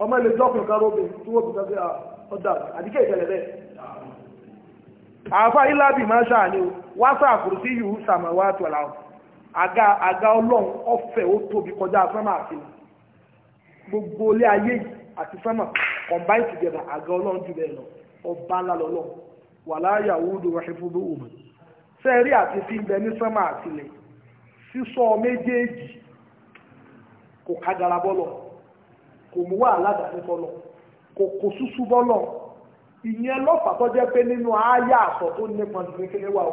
ọmọ ilé jọ́kùnrin kan lóbìnrin tí wọ́n fi sọ pé ọ̀dà ah, àdíkẹ́ ìṣẹ̀lẹ̀ bẹ́ẹ̀ àáfà ilábì máa ṣàní o wáṣà àkùrùsí yìí sàmàwá àtọ̀là àga àga ọlọ́run ọ̀fẹ́ ó tóbi kọjá sánmà àti gbogbo ilé ayé yìí àti sánmà combine together àga ọlọ́run jù bẹ́ẹ̀ lọ ọba ńlá lọ́lọ́ wà láyà òwúdo rẹ̀fúdó òmù sẹ́ẹ̀rí àti fi ń bẹ ní sánmà àtìlẹ̀ sísọ méjèèjì kò kagara bọ́lọ̀ kò mú wàhálà dání bọ́lọ̀ kò kò súsú bọ́lọ̀ ìyẹn lọ́fà tó jẹ́ pé nínú àáyá àsọ tó nípa ní kékeré wà ó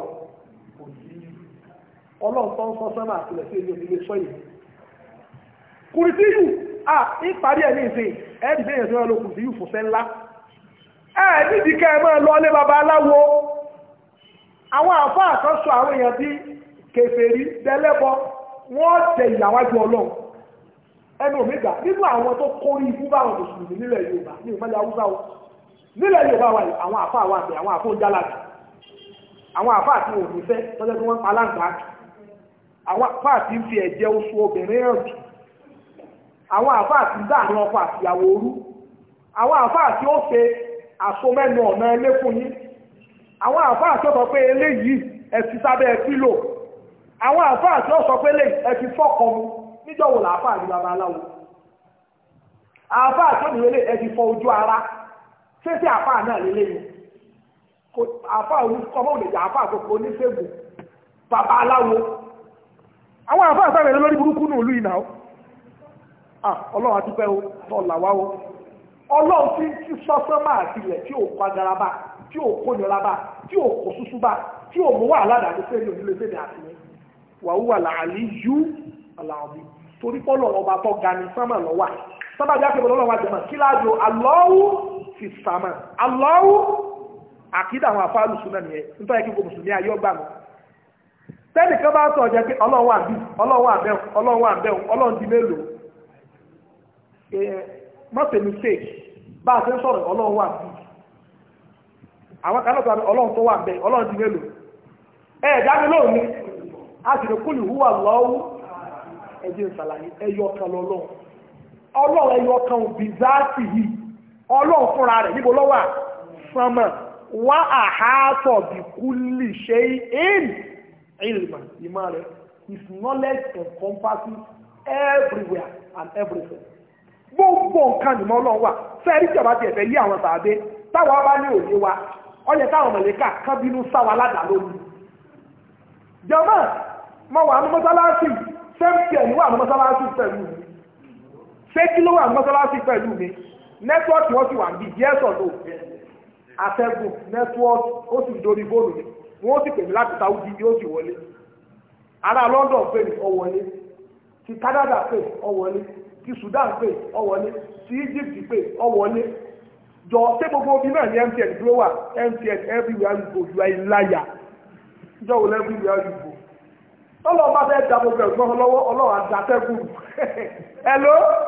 kò sí ọlọ́run tó ń sọ sọ́nà àtìlẹ̀ sí ilé onílé sọ yìí kùrìtíyù à ń parí ẹ̀ ní ìsìn ẹ̀ ń bẹ̀yẹ̀ sọ́nà ló kùrìtíyù fòfẹ́ ńlá ẹ̀ nídìí ká ẹ máa lọ ilé baba aláwo àwọn àfáà kan àwọn èèyàn bí kèfèrí dẹlẹ́bọ wọ́n tẹ ìyàwájú ọlọ́run ẹnu òmìgbà nínú àwọn tó kórí ikú báwọn mùsùlùmí nílẹ̀ nílẹ̀ Yorùbá wa àwọn àfáà wà bẹ̀ àwọn àwọn àfáà tí òun fẹ́ tí wọ́n àwọn àfáà tí ń fi oṣù obìnrin hàn jù àwọn àfáà tí ń dá àwọn orú àwọn àfáà tí ó ṣe àsomẹ́nu ọ̀nà fún yín àwọn àfáà tí ó sọ pé eléyìí ẹ ti sábẹ́ àwọn àfáà tí ó sọ pé ẹ ti mu ti fọ ojú ara ṣé sí àfa náà lélẹ́yìn àfa ọmọ òdèjà àfa àkókò oníṣègùn bàbá aláwo àwọn àfa àtàrẹ lórí burúkú ní òlú ìnáwó ọlọ́run àti pẹ́ o tọ́lá wá o ọlọ́run tí tí sọ́sán máa tilẹ̀ tí ò kọ agara bá tí ò kó nira bá tí ò kó súsú bá tí ò mú wà aládàáni pé ní onílé sẹ́ni àtìlẹ́ wàhùwà làálí yú àlàáfíà torí pọ́lọ̀ ọba tó ga ní sámà lọ́wà sábàbí àkẹ́bọ̀ lọ́wọ́ àjẹmọ̀ kí láàjò Allahu fi sàmà Allahu àkídà àwọn afáàlù nìyẹn mùsùlùmí ayé ọgbà mi bá tọ̀ jẹ́ pé àbí àbẹ́hùn àbẹ́hùn di mélòó bá a ṣe ń sọ̀rọ̀ ọlọ́run wà àwọn kan tó wà di mélòó ni a sì lè kúlù húwà lọ́wọ́ ẹ̀jẹ̀ ìsàlàyé ẹ̀yọ kan ọlọ́run ẹyọ kan òbí záàtì yìí ọlọ́run fúnra rẹ̀ níbo ló wà sánmà wá àhátọ̀ bí kúlì ṣe in ilma ìmọ̀ rẹ̀ his knowledge encompasses everywhere and everything gbogbo nǹkan nìmọ̀ ọlọ́run wà fẹ́ẹ́rí ìjọba tiẹ̀ fẹ́ yí àwọn tàbí táwọn bá ní òye wa ọyẹ táwọn mọ̀lẹ́kà kan bínú sáwọn aládàá lónìí jọmọ́ mọ̀ wà ní mọ́sálásì sẹ́ńtì ẹ̀ ní wà ní mọ́sálásì pẹ̀lú ṣé kí ló wà mọ́sálásí pẹ̀lú mi nẹ́tíwọ́ọ̀kì wọ́n sì wà níbí yes or no atẹ́gùn nẹ́tíwọ́ọ̀kì ó sì dorí fóònù mi wọ́n sì pè mí láti Saudi yóò sì wọlé ará London pè ti Canada Sudan pè ti Egypt pè jọ ṣé gbogbo omi náà ní MTN blowa MTN everywhere you go you are a liar jọ everywhere you go tọ́lọ́ bá da gbogbo ẹ̀gbọ́n lọ́wọ́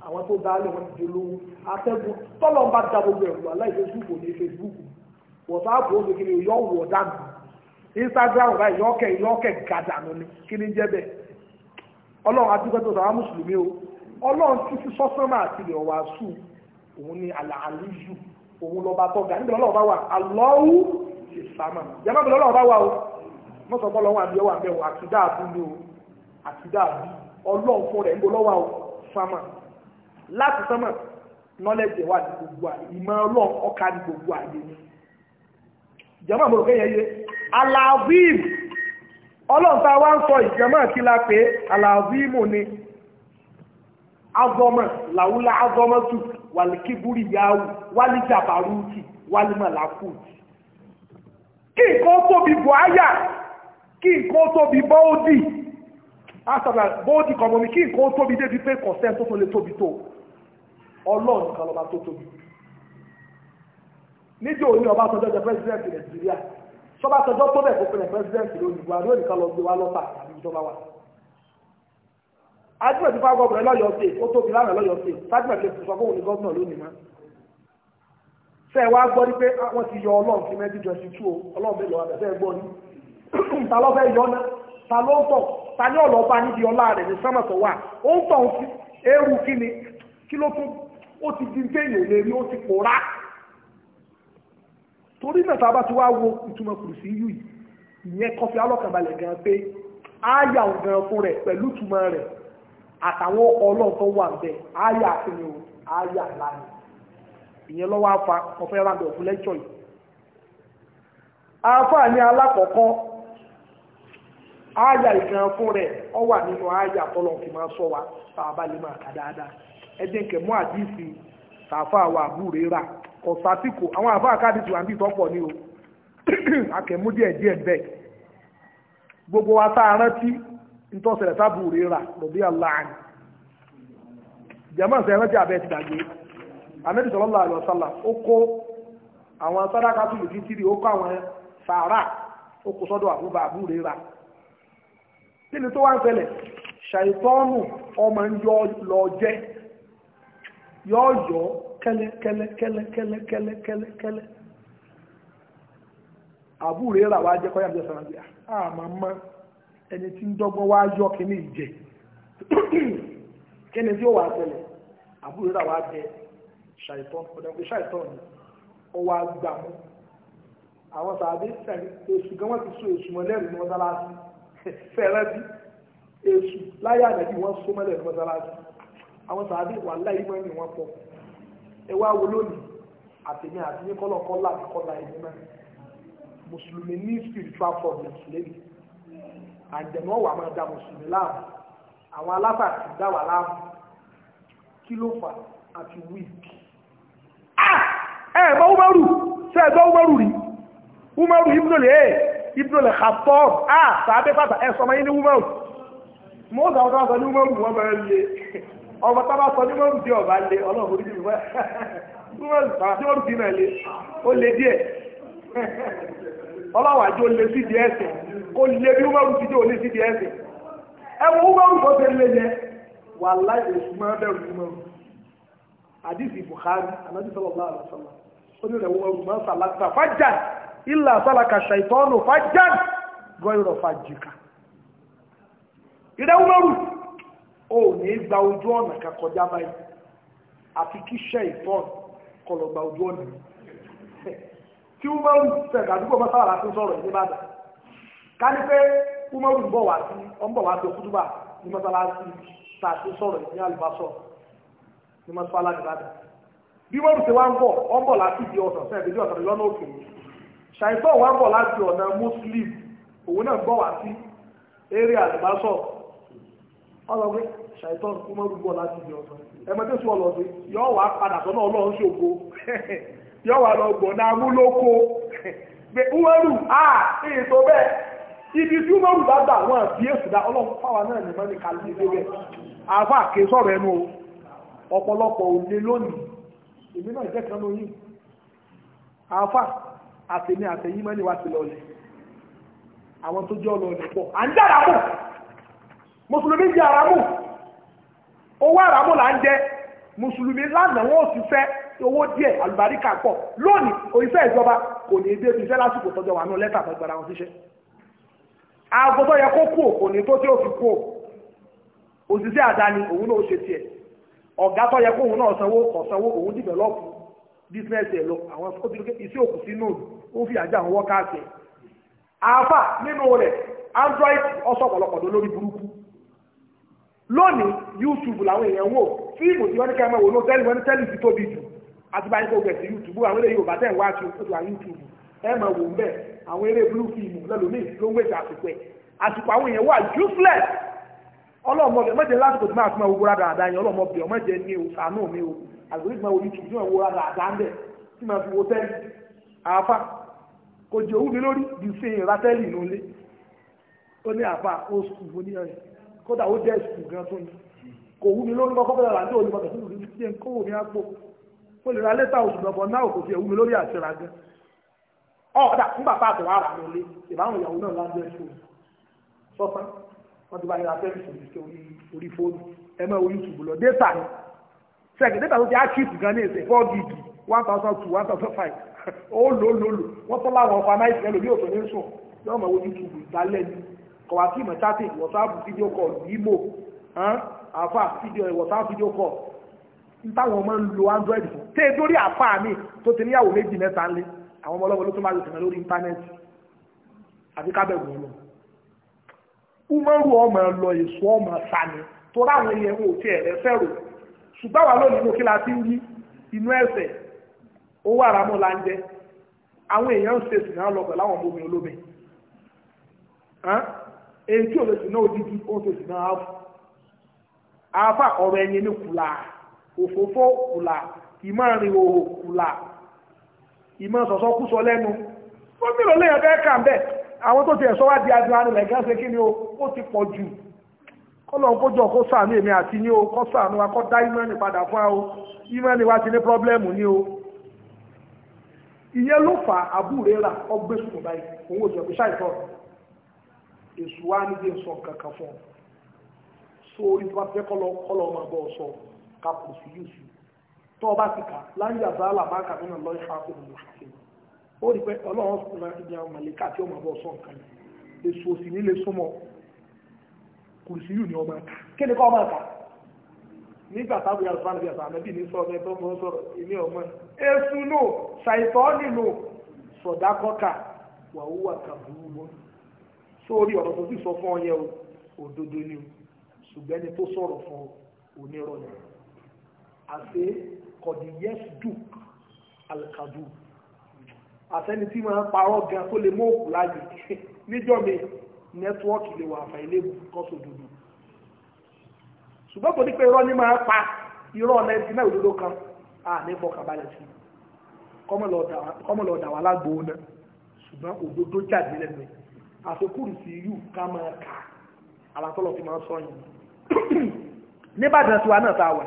àwọn tó dá lé wọn ti dolówó atẹ́gùn tọ́lọ̀ ń bá da gbogbo ẹ̀rù aláì facebook ní facebook wọ̀sáàpù ó kékeré yọ wọ̀ dànù instagram báyìí yọ̀ọ́kẹ̀ yọ̀ọ́kẹ̀ gàdànù ni kí ni jẹ́ bẹ́ẹ̀ ọlọ́run adúgbẹ́tò sàwọn mùsùlùmí o ọlọ́run tún sí sọ́sánmà àti ilẹ̀ ọ̀wà sù òun ni àlàálíyù òun lọ́ba tọ́ga níbi ọlọ́run bá wà àlọ́wù ti sàmà jẹ́mọ́ bí ọlọ́run bá wà o wọ́n sọ pé ọlọ́run àbí ọwà bẹ́ẹ̀ wọ àtidá àbú ni o àtidá àbí ọlọ́run fún rẹ̀ ń bo lọ́wà o sàmà láti sánmọ̀ knowledge wà ní gbogbo àyè ìmọ̀ ọlọ́run ọkà ní gbogbo àyè ni jàmá mo rò kẹ́yẹ yé alavim ọlọ́run tá a wá ń sọ ìjàmá kí la pé alavimu ni azọmọ làwùlà azọmọ tù wàlíkíbúrì yahoo wàlíjàbárùtì wàlímọ̀làkùtì kí nǹkan tóbi bọ̀ áyà kí nǹkan tóbi bọ́ọ̀dì asọ̀rọ̀ bọ́ọ̀dì kọ̀mọ̀mí kí nǹkan tóbi débi pé kọ̀sẹ́ tó tó lè tóbi tó ọlọ́run nìkan lọ́ba tó tóbi níjọ́ òní Ọbásanjọ́ jẹ pẹ́sidẹ́ǹtì Nàìjíríà sọ́bàtọ́jọ́ tó bẹ̀ kó pinnu pẹ́sidẹ́ǹtì lónìí Buhari ó nìkan lọ gbé wa lọ́tà àbí ìjọba wa adúmọ̀ tí fáwọn ọkùnrin lọ́yọ̀ọ́ sí ó tóbi lánàá lọ́yọ̀ọ́ sí sádùmọ̀ tí sọ fóun ní gómìnà lónìí mọ́ sẹ́ẹ̀ wá gbọ́ ní pé ah, wọ́n ti yọ ọlọ́run sí mẹ́tí jọ sí tú o ọlọ́run bẹ́ẹ̀ lọ abẹ́fẹ́ gbọ́ ni ta ló fẹ́ yọ náà ta ló ó ti di téèyàn lè rí ó ti pòórá torí náà a bá ti wá wo ìtumọ̀ kùrùsí yìí ìyẹn kọfí gan pé ááyà ògan fún rẹ̀ pẹ̀lú ìtumọ̀ rẹ̀ àtàwọn ọlọ́run tó wà bẹ́ẹ̀ aya àfihàn o ááyà lánàá ìyẹn lọ́wọ́ afa ọ̀fẹ́ rábẹ̀ afa ní alákọ̀ọ́kọ́ fún rẹ̀ ọ wà nínú fi máa sọ wa tá a bá ẹjẹ́ nkẹ̀ mú àdìsí tààfà àwọn àbúrò rà kọ̀sátìkò àwọn àbá àkáàdì tí wà ń bí ní o díẹ̀ díẹ̀ bẹ́ẹ̀ gbogbo wa tá a rántí ntọ́sẹ̀lẹ̀ tábù rè rà lọ́bí aláàánì jẹ́mọ̀sẹ̀ rántí abẹ́ ti dàgbé Ànábì sallallahu alaihi wasallam ó kó àwọn sàdáká tó lù tìrì ó kó àwọn ó kó sọ́dọ̀ àbúbà yọ yọ kẹ́lẹ́kẹ́lẹ́kẹ́lẹ́kẹ́lẹ́kẹ́lẹ́ àbúrò rẹ̀ wá jẹ́ kọ́yà jẹ́ sọ̀rọ̀ bíà á máa mọ ẹni tí ń dọ́gbọ́n wá yọ kíní ìjẹ kíni tí ó wà tẹ̀lẹ̀ àbúrò rẹ̀ wá jẹ ṣàìtàn ọ̀dọ̀gbẹ́ ṣàìtàn ni ó wá gbà mú àwọn sàbí sàbí èṣù gan wọn ti so èṣù mọ́lẹ́rù ní mọ́sálásí fẹ́rẹ́ bí èṣù láyé àdàbí wọn so mọ́lẹ́rù ní mọ́sálásí àwọn sàbí wà láyé mọ́ ẹni wọn pọ̀ ẹ wá wo lónìí àtẹ̀mí àti ní kọ́lọ̀kọ́lá àti kọ́lá ẹni náà mùsùlùmí ní spiritual problems lẹ́yìn àjẹmọ́ wà máa da mùsùlùmí láàmú àwọn alábàtì dá wà láàmú kí ló fà àti wíìkì. Ah! ẹ ẹ bá umaru ṣe ẹ gbọ́ umaru rí umaru ibùdó lè eh, ibùdó lè Khattab a ah! sàbẹ́ fàtà ẹ sọmọ yín ní umaru mọ́ọ̀sà ọ̀dọ́ àgbà ní umaru wọn bẹ̀rẹ̀ lé ọmọ tá a bá sọ ní wọ́n di ọ̀bá lé ọlọ́run orí mi wá tí wọ́n di náà lé ó lé díẹ̀ ọlọ́wà jó lé sí di ẹsẹ̀ kó lé bí wọ́n ti jó lé sí di ẹsẹ̀ ẹ wo wọ́n tó ṣe lé yẹ wà láì oṣù máa bẹ̀rù sí mọ́ àdìsí Bukhari anájú sọlọ bá àlọ́ ó ní rẹ̀ wọ́n máa sàlákà fájà o ò ní gba ojú ọ̀nà kan kọjá báyìí àfi kí ṣe ìfọ́n kọ lọ gba ojú ọ̀nà tí umaru sẹ̀dá àdúgbò mọ́sára tó sọ̀rọ̀ ní Ìbàdàn ká ní pé umaru ń bọ̀ wá sí ọ̀n bọ̀ wá sí òkútùbà ní mọ́sálásí tá a ti sọ̀rọ̀ ní alùpàṣọ ní mọ́sálásí Ìbàdàn bí umaru ṣe wá ń bọ̀ ọ̀n bọ̀ láti di ọ̀sán sẹ́ẹ̀dì ọ̀sán lọ́nà òkè ṣàìtọ́ wá ń bọ̀ láti ọ̀nà muslim òun náà bọ̀ wá sí eré alùpàṣọ ọlọ́gbé ṣàìtọ́n kó mọ́ rúgbọ́ láti ibi ọ̀sán ẹmọdé sọ ọlọ́gbé yọ wà padà sọ́nà ọlọ́run ṣògo yọ wà lọ gbọ̀n náà mú lóko pé umaru a ètò bẹ́ẹ̀ ibi tí umaru bá gbà wọn àti èsù dá ọlọ́run fáwa náà nìmọ́ ní kàlí ilé bẹ́ẹ̀ àfa àké sọ̀rọ̀ ẹnu o ọ̀pọ̀lọpọ̀ òní lónìí èmi náà jẹ́ kan lóyún àfa àtẹ̀mí àtẹ̀yìn mọ́ ni wá ti lọ lẹ̀ àwọn tó jẹ́ ọlọ́ọ̀lẹ̀ pọ̀ à ń dára pọ̀ mùsùlùmí jẹ àràmù owó àràmù la ń jẹ mùsùlùmí lánàá wọn ò sì fẹ́ owó díẹ̀ àlùbáríkà pọ̀ lónìí òṣìṣẹ́ ìjọba kò ní ebi ebi iṣẹ́ lásìkò tọ́jọ́ wà nù lẹ́tà tó gbára wọn síṣẹ́ aago tó yẹ kó kú kò ní tó tí ó fi kú òṣìṣẹ́ àdáni òun náà ṣe tiẹ̀ ọ̀gá tó yẹ kó òun náà sanwó kò sanwó òun dìbẹ̀lọ́pù bísínẹ́sì ẹ̀ lọ àwọn obìnrin iṣẹ́ òkú sínú ó fi àjà àwọn wọ́kàtì àáfà nínú rẹ̀ android ọ̀sọ̀ ọ̀pọ̀lọpọ̀ lórí burúkú lónìí youtube làwọn èèyàn wò fíìmù tí wọ́n ní kẹ́mẹ́ wò ló tẹ́lẹ̀ wọ́n ní tẹ́lẹ̀ ti tóbi jù àti báyìí kò gẹ̀ sí youtube àwọn eré yorùbá tẹ̀ ń wá aṣọ tó wà youtube ẹ máa wò ń bẹ̀ àwọn eré blue fíìmù lẹ́lòmíì ló ń wéṣẹ̀ àsìkò ẹ̀ àsìkò àwọn èèyàn wà useless ọlọ́mọbẹ̀ mọ̀jẹ̀ lásìkò tí máa fi máa wo ra dáadáa yẹn ọlọ́mọbẹ̀ mọ̀jẹ̀ ní o sànú mi o àgbèrè tí máa wo youtube tí máa wo ra dáadáa ń bẹ̀ tí máa fi wo tẹ́lẹ̀ àáfà kò jẹ́ òwú mi lórí bí fi ìra tẹ́lẹ̀ ìnú ilé ó ní àáfà ó sùn kódà ó dẹ́ sùn gan tó ní kò wú mi lórí kọ́kọ́ bẹ́ẹ̀ làdé olùmọ̀ tẹ̀sí lórí tí ń kówó mi àpò ó lè ra lẹ́tà oṣù lọ́bọ̀ náà kò fi ẹ̀wú mi lórí àti ra gan ọ̀ọ́dà fún bàbá àtọ̀ wà rà lọ́lé ìbáwọn ìyàwó náà lájọ ẹ̀sùn sọ́sán wọ́n ti bá yẹra fẹ́ẹ̀sì orí fóònù ẹ máa wo YouTube lọ data ni sẹ́ẹ̀kì data tó ti á kíìpù gan ní ìsẹ̀ four gig one thousand two one thousand five ó lò ó lò ó lò wọ́n tọ́ láwọn ọkọ̀ anáìsí ẹlòmí òfin ní sùn yọ́ọ́ máa wo YouTube ìdálẹ́ ni kọ̀wá sí ìmọ̀ chatting whatsapp video call ìbò àfà eh, whatsapp video call ń táwọn ọmọ ń lo android fún tẹ́ ẹ dórí àfà mi tó ti níyàwó méjì mẹ́ta ńlẹ̀ àwọn ọmọ ọlọ́mọ ló tún máa lò tẹ̀lé lórí íńtánẹ́ẹ̀tì àti kábẹ̀wò lọ. umaru ọmọ ẹ lọ èso ọmọ sani tó ráwọn yẹn wò tí ẹ rẹ fẹ́rò ṣùgbọ́n wà lónìí mo kí la ti ń yí inú ẹsẹ̀ owó àràmọ́ la ń jẹ àwọn èèyàn ń ṣe sìnà lọ pẹ̀lú àwọn ọmọ omi olómi èyí tí olè sùn náà odidi ó ń sèṣì náà áfù afa ọ̀rọ̀ ẹ̀yìn ní kùlà òfófó kùlà ìmọ̀rin òhò kùlà ìmọ̀ sọ̀sọ́ kú sọ lẹ́nu ó ní ìrọ̀lẹ́ yẹn fẹ́ kà ń bẹ̀ àwọn tó ti ẹ̀sọ́ wá di adùn anú lẹ́gán ṣe kí ni ó ti pọ̀ jù kọ́lọ̀ ń kójọ kó sàánú èmi àti ní o kọ́ sàánú wa kọ́ dá ìmọ̀ni padà fún wa o ìmọ̀ni wa ti ní pọ́blẹ́mù ní o ìyẹn ló fà àbúrẹ́ra ọgbẹ́sùn báyìí òun ò sọ̀rọ̀ èṣù wa ní bí n sọ kankan fún ọ so orí tó bá fẹ́ kọ́lọ kọ́lọ ọmọ ẹgbẹ́ ọ̀sọ ká kò sí yóò sí tó o bá ti kà láyé àbáàlà bá kà nínú lọ́ọ́ ìfà kò nínú àfẹ́ ó rí pé ọlọ́run sì máa ti di àwọn màlẹ́kà tí ọmọ ẹgbẹ́ ọ̀sọ nǹkan yìí èṣù òsì nílé súnmọ́ kò sí yóò ní ọmọ ẹ̀ka kí ni kọ́ ọmọ ẹ̀ka nígbà táwọn yàrá fún àbíyàtà àmẹ́bí ní sọ̀rọ̀ ẹ̀tọ́ mọ́ sọ̀rọ̀ èmi ọmọ èṣù nù sórí ọ̀rọ̀ tó ti sọ fún ọ yẹn o òdodo ni o ṣùgbọ́n ẹni tó sọ̀rọ̀ fún ọ onírọ̀ ni àṣé kọ̀dí yẹ́sì dùk alikadu àtẹni tí máa ń parọ́ gan kó lè mú òkú láàyè níjọ́ mi nẹ́tíwọ́ọ̀kì lè wà àfàìlébù kọ́sọ̀ òdodo ṣùgbọ́n kò ní pé irọ́ ní máa pa irọ́ ọ̀nà ẹ̀dín náà òdodo kan à ní fọkàbalẹ̀ sí kọ́mọ̀lọ́dà wà lágbóó náà ṣùgbọ́n òdodo jáde lẹ́nu ẹ̀ àfikúrù sí yù ká máa kà àlàtọ́lọ̀ fi máa sọ yìí níbàdàn tiwa náà tá a wà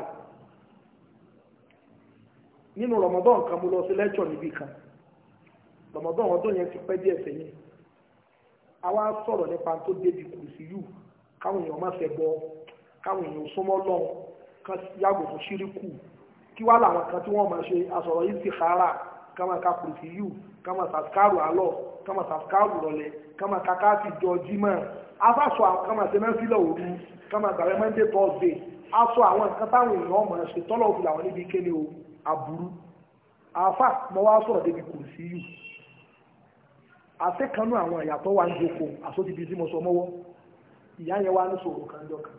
nínú rọmọdán kan mo lọ sí lẹ́tọ̀ níbì kan rọmọdán ọdún yẹn ti pẹ́ díẹ̀ sẹ́yìn àwa sọ̀rọ̀ nípa tó débi kùrù sí yù káwọn èèyàn má fẹ́ bọ́ káwọn èèyàn súnmọ́ lọ́hùn kan yàgò fún ṣíríkù kí wá làwọn kan tí wọ́n máa ṣe àsọ̀rọ̀ yìí ti xaara káwọn ká kùrù sí yù kama sàkárù àlọ́ kama sàkárù lọ́lẹ̀ kama kàkàtì jọ jímọ̀ afáṣọ kama sẹ́mẹ́fìlà òru kama gbàrẹ́ monday thursday aṣọ àwọn nǹkan táwọn èèyàn ọmọ ṣe tọ́lọ̀ òfin àwọn níbi kéde o aburú àfà mọ́ wá sọ̀rọ̀ débi kò sí yù àtẹ́kanú àwọn ìyàtọ̀ wa ń joko àsódìbí tí mo sọ mọ́wọ́ ìyá yẹn wá ní sọ̀rọ̀ kan jọ kan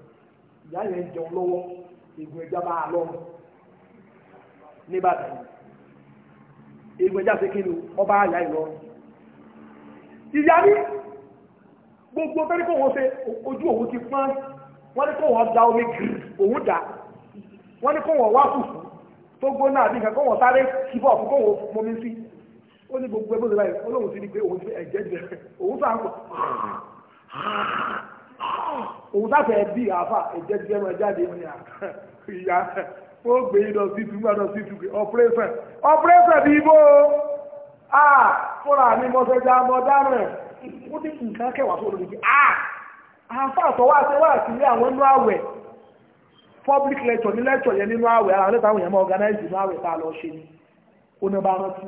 ìyá yẹn jẹun lọ́wọ́ ègùn ẹja bá a lọ́rùn níbàdàn ìgbẹ̀já sí kí ni ọba àyà ìlọrin ìyá ní gbogbo fẹ́rí kò wọ́n ṣe ojú òun ti pọ́n wọ́n ní kò wọ́n da omi gírì òun dà wọ́n ní kò wọ́n wá fùfú tó gbóná àbí nǹkan kò wọ́n sáré kíbọ̀ fún kò wọ́n mọmi sí ó ní gbogbo ẹgbẹ́ ìlú olóhùn sí ni pé òun ti ẹ̀jẹ̀ jẹ òun sá ń pọ̀ òun sáfẹ̀ bí àáfà ẹ̀jẹ̀ jẹ́ mọ́ jáde ní ìyá ó gbé yín lọ sí ìtúgbà lọ sí ìtúgbà ọ̀pẹ́sẹ̀ ọ̀pẹ́sẹ̀ bí bó a fúnra mi mọ́sẹ́jà mọ́ dáná ó ní nǹkan kẹwàá tó lórí a àǹfààní àtọwọ́ àti wá àti ilé àwọn inú àwẹ̀ public lecture ní lecture yẹn nínú àwẹ̀ àwọn àlẹ́ta àwọn èèyàn máa organize nínú àwẹ̀ tá a lọ ṣe ni ó ní bá rántí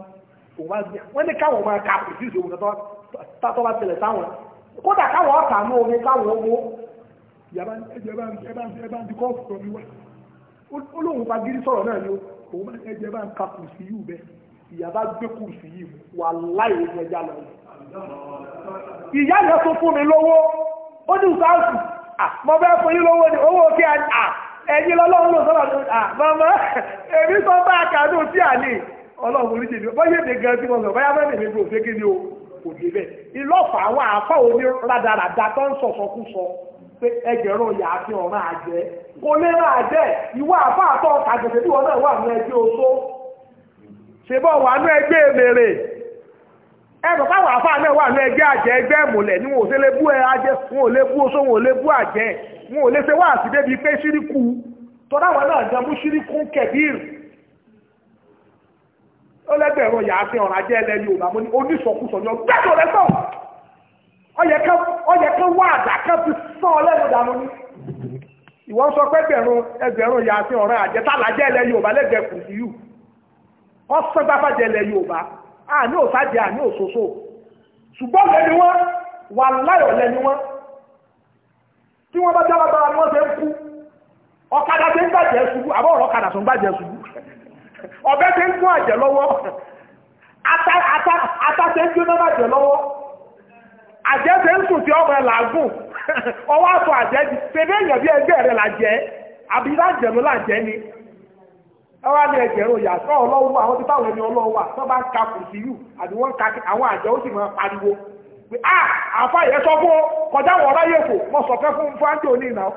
òun bá gbé wọ́n ní káwọn máa ka produce òun tó bá tẹ̀lẹ̀ sáwọn kódà káwọn ọ̀tà náà omi káwọn owó ìyàbá ẹ̀jẹ̀ bá ń di kọ́ọ̀fù tó mi wá ó lóun bá gírí sọ̀rọ̀ náà ni òun bá ẹjẹ bá ń ka kùrùsì yìí bẹ ìyá bá gbé kùrùsì yìí wà láì ojú ẹja lọ. ìyá yẹn tó fún mi lówó ó ní ìsáàsì mo fẹ́ fún yín lówó ni owó kí ẹ̀yin lọ́lọ́run ló sọ́rọ̀ tó à mọ́mọ́ èmi sọ bá àkàdùn sí àní ọlọ́run oríṣi ni bọ́yé mi gan tí mo sọ báyá mẹ́rin mi kò ṣe kí ni o kò débẹ̀ ìlọ́fà àwọn àáfà omi rádaràda tó ń sọ̀sọ̀kú sọ pé ẹgbẹ̀rún ìyá àti ọ̀ràn àjẹ́ kò lè máa jẹ́ ìwà àbá àtọ́ àjẹ̀fẹ́ bí wọ́n náà wà ní ẹgbẹ́ oṣó ṣèbọ̀ wà ní ẹgbẹ́ èmèrè ẹgbẹ̀ káwọn àfà náà wà ní ẹgbẹ́ àjẹ́ ẹgbẹ́ ìmùlẹ̀ ni wọn ò sí lè bú ẹ ajẹ́ wọn ò lè bú oṣó wọn ò lè bú àjẹ́ wọn ò lè ṣe wá sí débi pé ṣíríkù tọ́dáwọn náà jẹ́ mú ṣíríkù kẹ̀bíìrì ó lẹ́gbẹ̀rún ìyá àti ọ̀ràn àjẹ́ ẹlẹ́ Yorùbá mo ní oníṣọ̀kúṣọ̀ ni ọ sọ ọlẹ́nu dànù ni ìwọ sọ pé ẹgbẹ̀rún ẹgbẹ̀rún yàtí ọ̀rẹ́ àjẹtà làjẹ́ ilẹ̀ Yorùbá lẹ́gbẹ̀ẹ́ kù sí yù ọ̀sán gbáfàjẹ́ ilẹ̀ Yorùbá àní òsàjẹ́ àní òṣòṣò ṣùgbọ́n lẹ́ni wọ́n wà láyọ̀ lẹ́ni wọ́n tí wọ́n bá jábá bára ni wọ́n ṣe ń kú ọ̀kadà ṣe ń gbàjẹ́ ṣubú àbọ̀ ọ̀rọ̀ ọ̀kadà ṣe ń gbàjẹ́ ṣubú ọ̀bẹ ṣe ń gún àjẹ́ lọ́wọ́ ata ṣe ń gbóná bàjẹ́ lọ́wọ́ àjẹ́sẹ̀ ń sùn tí ọmọ ẹ̀ làágùn ọwọ́ àtọ̀ àjẹ́ di ṣebí èèyàn bí ẹgbẹ́ rẹ̀ làjẹ́ àbí lájẹ̀ ló làjẹ́ ni ọwọ́ àmì ẹ̀jẹ̀ rò yà sọ ọlọ́wọ́ àwọn tí ọlọ́wọ́ bá ń ka yù àbí wọ́n ń àwọn àjẹ́ ó sì máa pariwo pé a àfa yẹn sọ fún kọjá wọn ráyè kò mọ sọ fẹ́ fún ìnáwó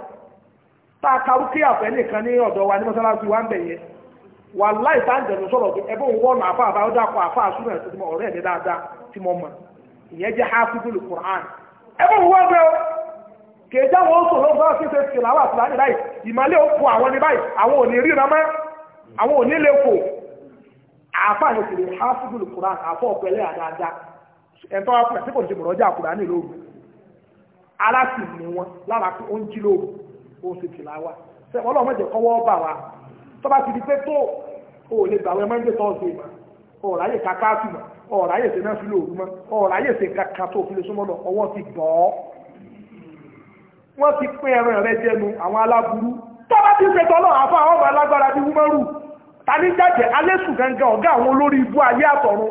a ìyẹn jẹ́ hafizul Qur'an ebe bọ́ o kèjà wọn sọ lọ́wọ́ fún ṣíṣe tìlàwà tìlàní báyìí ìmọ̀lẹ́ òkú àwọn ní báyìí àwọn ò ní Qur'an afọ ọ̀pẹ̀lẹ̀ àdáadáa ẹ̀ńtọ́ wa pẹ̀lẹ́ sípò ní ti mọ̀rọ́jà ní lóru ara wọn lára ń jí lóru ó ṣe mọ̀jẹ̀ kọ́wọ́ bà wá tọ́ba ti di pé tó o lè ọ̀rọ̀ ayé ṣe náà fi lóòrùn mọ́ ọ̀rọ̀ ayé ṣe kankan tó fi lè súnmọ́ lọ ọwọ́ ti bọ̀ ọ́ wọ́n ti pín ẹran rẹ jẹnu àwọn aláburú tọ́lá ti ṣe tọ́lọ́ àfa àwọn ọba alágbára bíi wúmọ́rù tani ọ̀gá àwọn olórí ibú ayé àtọ̀run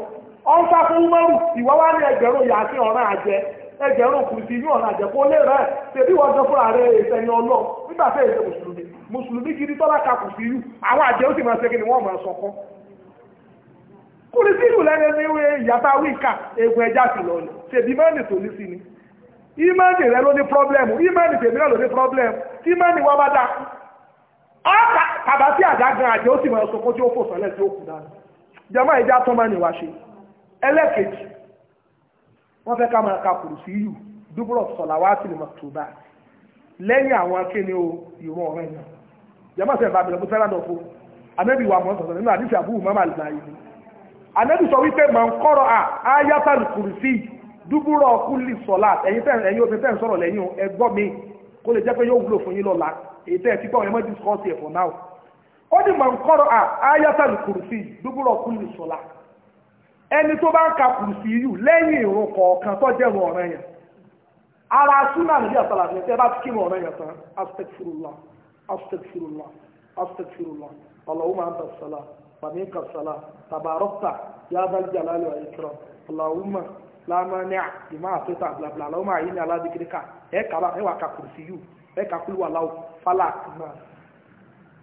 fún wúmọ́rù ìwọ́ wá ní ẹgbẹ̀rún yàtí ọ̀ràn àjẹ ẹgbẹ̀rún sí inú lè rẹ̀ tẹ̀bí wọ́n jọ fúnra rẹ̀ ọlọ́ gidi tọ́lá sí kò rí sílù lẹ́yìn ní ìwé ìyàtà wíkà egun ẹja sì lọ ni ṣèbí mẹ́rin tó ní sí ni ìmẹ́rin rẹ ló ní pọ́blẹ́mù ìmẹ́rin tèmi náà ló ní pọ́blẹ́mù tí ìmẹ́rin wọn bá dá tàbá sí àdágan àjẹ́ ó sì máa sọ kó tí ó fò sọ́lẹ̀ tí ó kù dáadáa jẹmọ́ ìjà tó máa nìwà ṣe ẹlẹ́kejì wọ́n fẹ́ ká máa ka kùrù sí yù dúbúrọ̀ sọ̀làwá sí lèmọ̀ tó bá ànábì sọ wípé mọ̀ ń kọ́rọ̀ à ayatul kùrìsì dúbúrọ̀ kúlì sọ̀lá ẹ̀yin tẹ́ ẹ̀yin obìnrin tẹ́ ń sọ̀rọ̀ lẹ́yìn ẹgbọ́ mi kó lè jẹ́ pé yóò wúlò fún yín lọ́la èyí tẹ́ ẹ ti gbọ́ ọ̀yẹ́mọ́ discuss ẹ̀ for now ó ní mọ̀ ń kọ́rọ̀ à ayatul kùrìsì dúbúrọ̀ kúlì sọ̀lá ẹni tó bá ń ka kùrìsì yìí lẹ́yìn ìrun kọ̀ọ̀kan tó jẹ́ ìrun ọ̀ràn yẹn ara súnà nìyí àtàlà àti ẹ̀tẹ́ bá ti kírun ọ̀ràn yẹn tán astagfirullah astagfirullah astagfirullah Allahumma anta salam ومنك الصلاة تباركت يا ذا الجلال والإكرام اللهم لا مانع لما أعطيت بلا بلا اللهم أعيني على ذكرك هيك على هيك على كرسيو هيك على كل ولو فلاك ما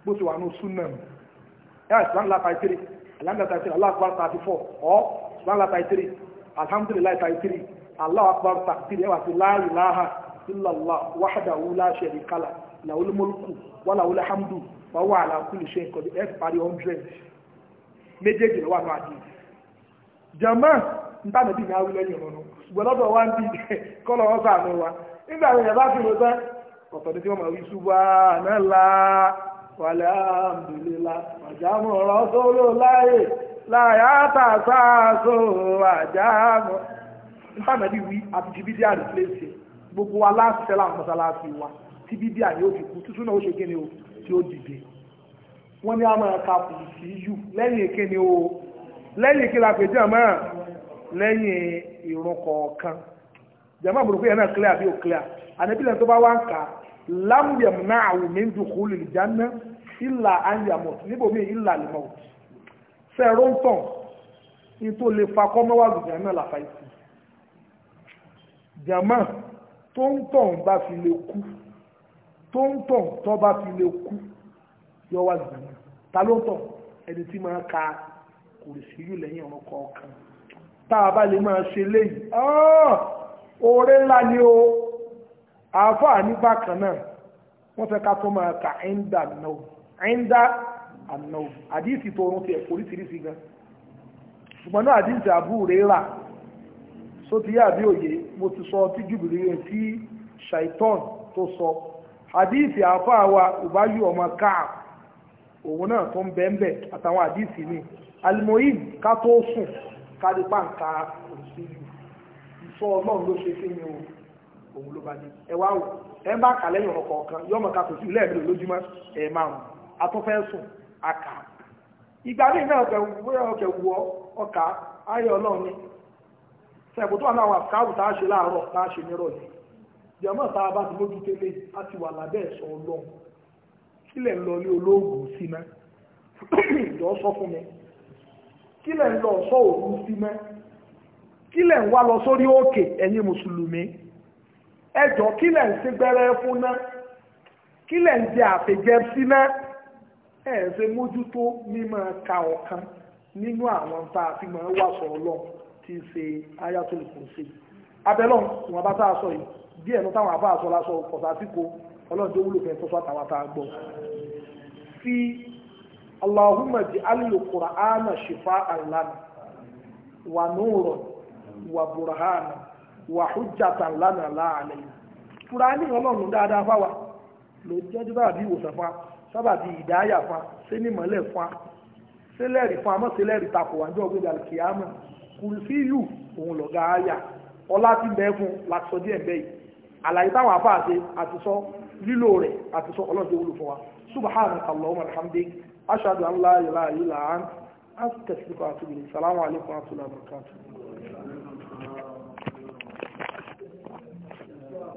بس وانو سنة يا سبحان الله تايتري الحمد لله تايتري الله أكبر 34 أو سبحان الله تايتري الحمد لله تايتري الله أكبر تايتري لا إله إلا الله وحده لا شريك له له الملك وله الحمد وهو على كل شيء قدير. Everybody 100 méjèèjì lọ́wọ́ àwọn àdìs jọmọ́ nítorí bí ìyá wílẹ̀ yìí rọrùn ṣùgbọ́n lọ́dọ̀ wá ń bí kọ́lọ̀ wọn sàánú wa nígbà tó yẹ bá fi wọ́n sẹ́ ọ̀tọ̀ ní tí wọ́n máa wí ṣubá náà la wàlẹ́ àmdùlélá àjámọ̀ ọ̀rọ̀ sóló láyè láyà tàṣà só àjámọ̀ nítorí bí wí àti jìbìtì àdìsílẹ̀ gbogbo wa láti sẹ́lá mọ́sálásí wa tí bíbí àyè ó fi kú tútù náà ó ṣe kí ni ó tí ó dìde wọ́n ní a máa ka kù sí yù lẹ́yìn èké ni o lẹ́yìn èké la pè jàmá lẹ́yìn ìrun kọ̀ọ̀kan jàmá àbúrò pé yẹn náà clear àbí ò clear ànábì lẹ́yìn tó bá wá ń kà lámùyẹ̀mù náà àwọn min dukhulil janna ìlà àyàmọ̀ níbo mi ìlà àlùmọ̀ sẹ́ẹ̀rọ ń tàn ní tó lè fa kọ́mọ́wá gbìyànjú náà làfà ìsìn jàmá tó ń tàn bá fi lè kú tó ń tàn tó bá fi lè kú yọ wá zànà ta ló ẹni tí máa ka kò sí yù lẹ́yìn ọ̀rọ̀ kọ̀ọ̀kan tá a bá lè máa ṣe léyìí oore ńlá ni o àáfàá ní bákan náà wọ́n fẹ ka ẹ̀ńdà náà ẹ̀ńdà àná àdíìsì tó orun ti oríṣiríṣi gan ṣùgbọ́n náà àdíìsì sọ jùbìlì ṣàìtọ́n sọ àdíìsì òun náà tó ń bẹ́ẹ̀nbẹ̀ àtàwọn àdìsí ni alimoyin ká tó sùn ká lè pa nǹkan òṣèlú ìṣọ́ ọlọ́run ló ṣe fi yan òun ló bá ní ẹ wá wò ẹ ń bá kà lẹ́yìn ọkọ̀ kan yọmọ ká kò sí ilé ẹ̀mí lójúmọ́ ẹ̀ márùn atọ́fẹ́ sùn àkà ìgbà míì náà ọkẹ̀ wù ọ ọkà ayé ọlọ́run ni sẹ́ẹ̀kù tó wà náà wà káàbù tá a ṣe láàárọ̀ tá a ṣe nírọ̀lẹ́ jẹ́mọ́ kílẹ̀ ń lọ ní olóògùn sí mẹ́ ìjọ sọ fún mi kílẹ̀ ń lọ sọ òògùn sí mẹ́ kílẹ̀ ń wá lọ sórí òkè ẹ̀yin mùsùlùmí ẹjọ́ kílẹ̀ ń ṣe gbẹ́rẹ́ fún náà kílẹ̀ ń jẹ àpèjẹ sí náà ẹ̀ ṣe mójútó mímọ́ ka ọ̀kan nínú àwọn tá a fi máa ń wà sọ̀rọ̀ lọ tí í ṣe ayatul kursi abẹ́lọ́n ìwọ̀nba tá a sọ yìí díẹ̀ ló táwọn àbá àsọ lásọ kọ̀sásíkò ọlọ́run tó wúlò fẹ́ sọ́sọ́ àtàwọn tá a gbọ́ fi allahumma j'alil qur'ana shifa'an lana wa nuran wa burhanan wa hujjatan lana la alayna kùránì ọlọ́run dáadáa fáwa ló jẹ́ sábàbí ìwòsàn fa sábàbí ìdáyà fa ṣé ní mọ́lẹ̀ fa ṣé lẹ́rìí fa mọ́ ṣé lẹ́rìí takò wájú ọgbẹ́dà kìámà kùrìsíyù òun lọ̀gá àyà ọlá ti bẹ́ẹ̀ fún láti díẹ̀ bẹ́ẹ̀ yìí àlàyé táwọn afáàṣe àti sọ lílò rẹ̀ àti sọ ọlọ́dẹ wúlò fún wa subhanaka allahumma alhamdik ashhadu an la ilaha illa ant astaghfiruka wa atubu ilayk salamu alaykum wa rahmatullahi wa barakatuh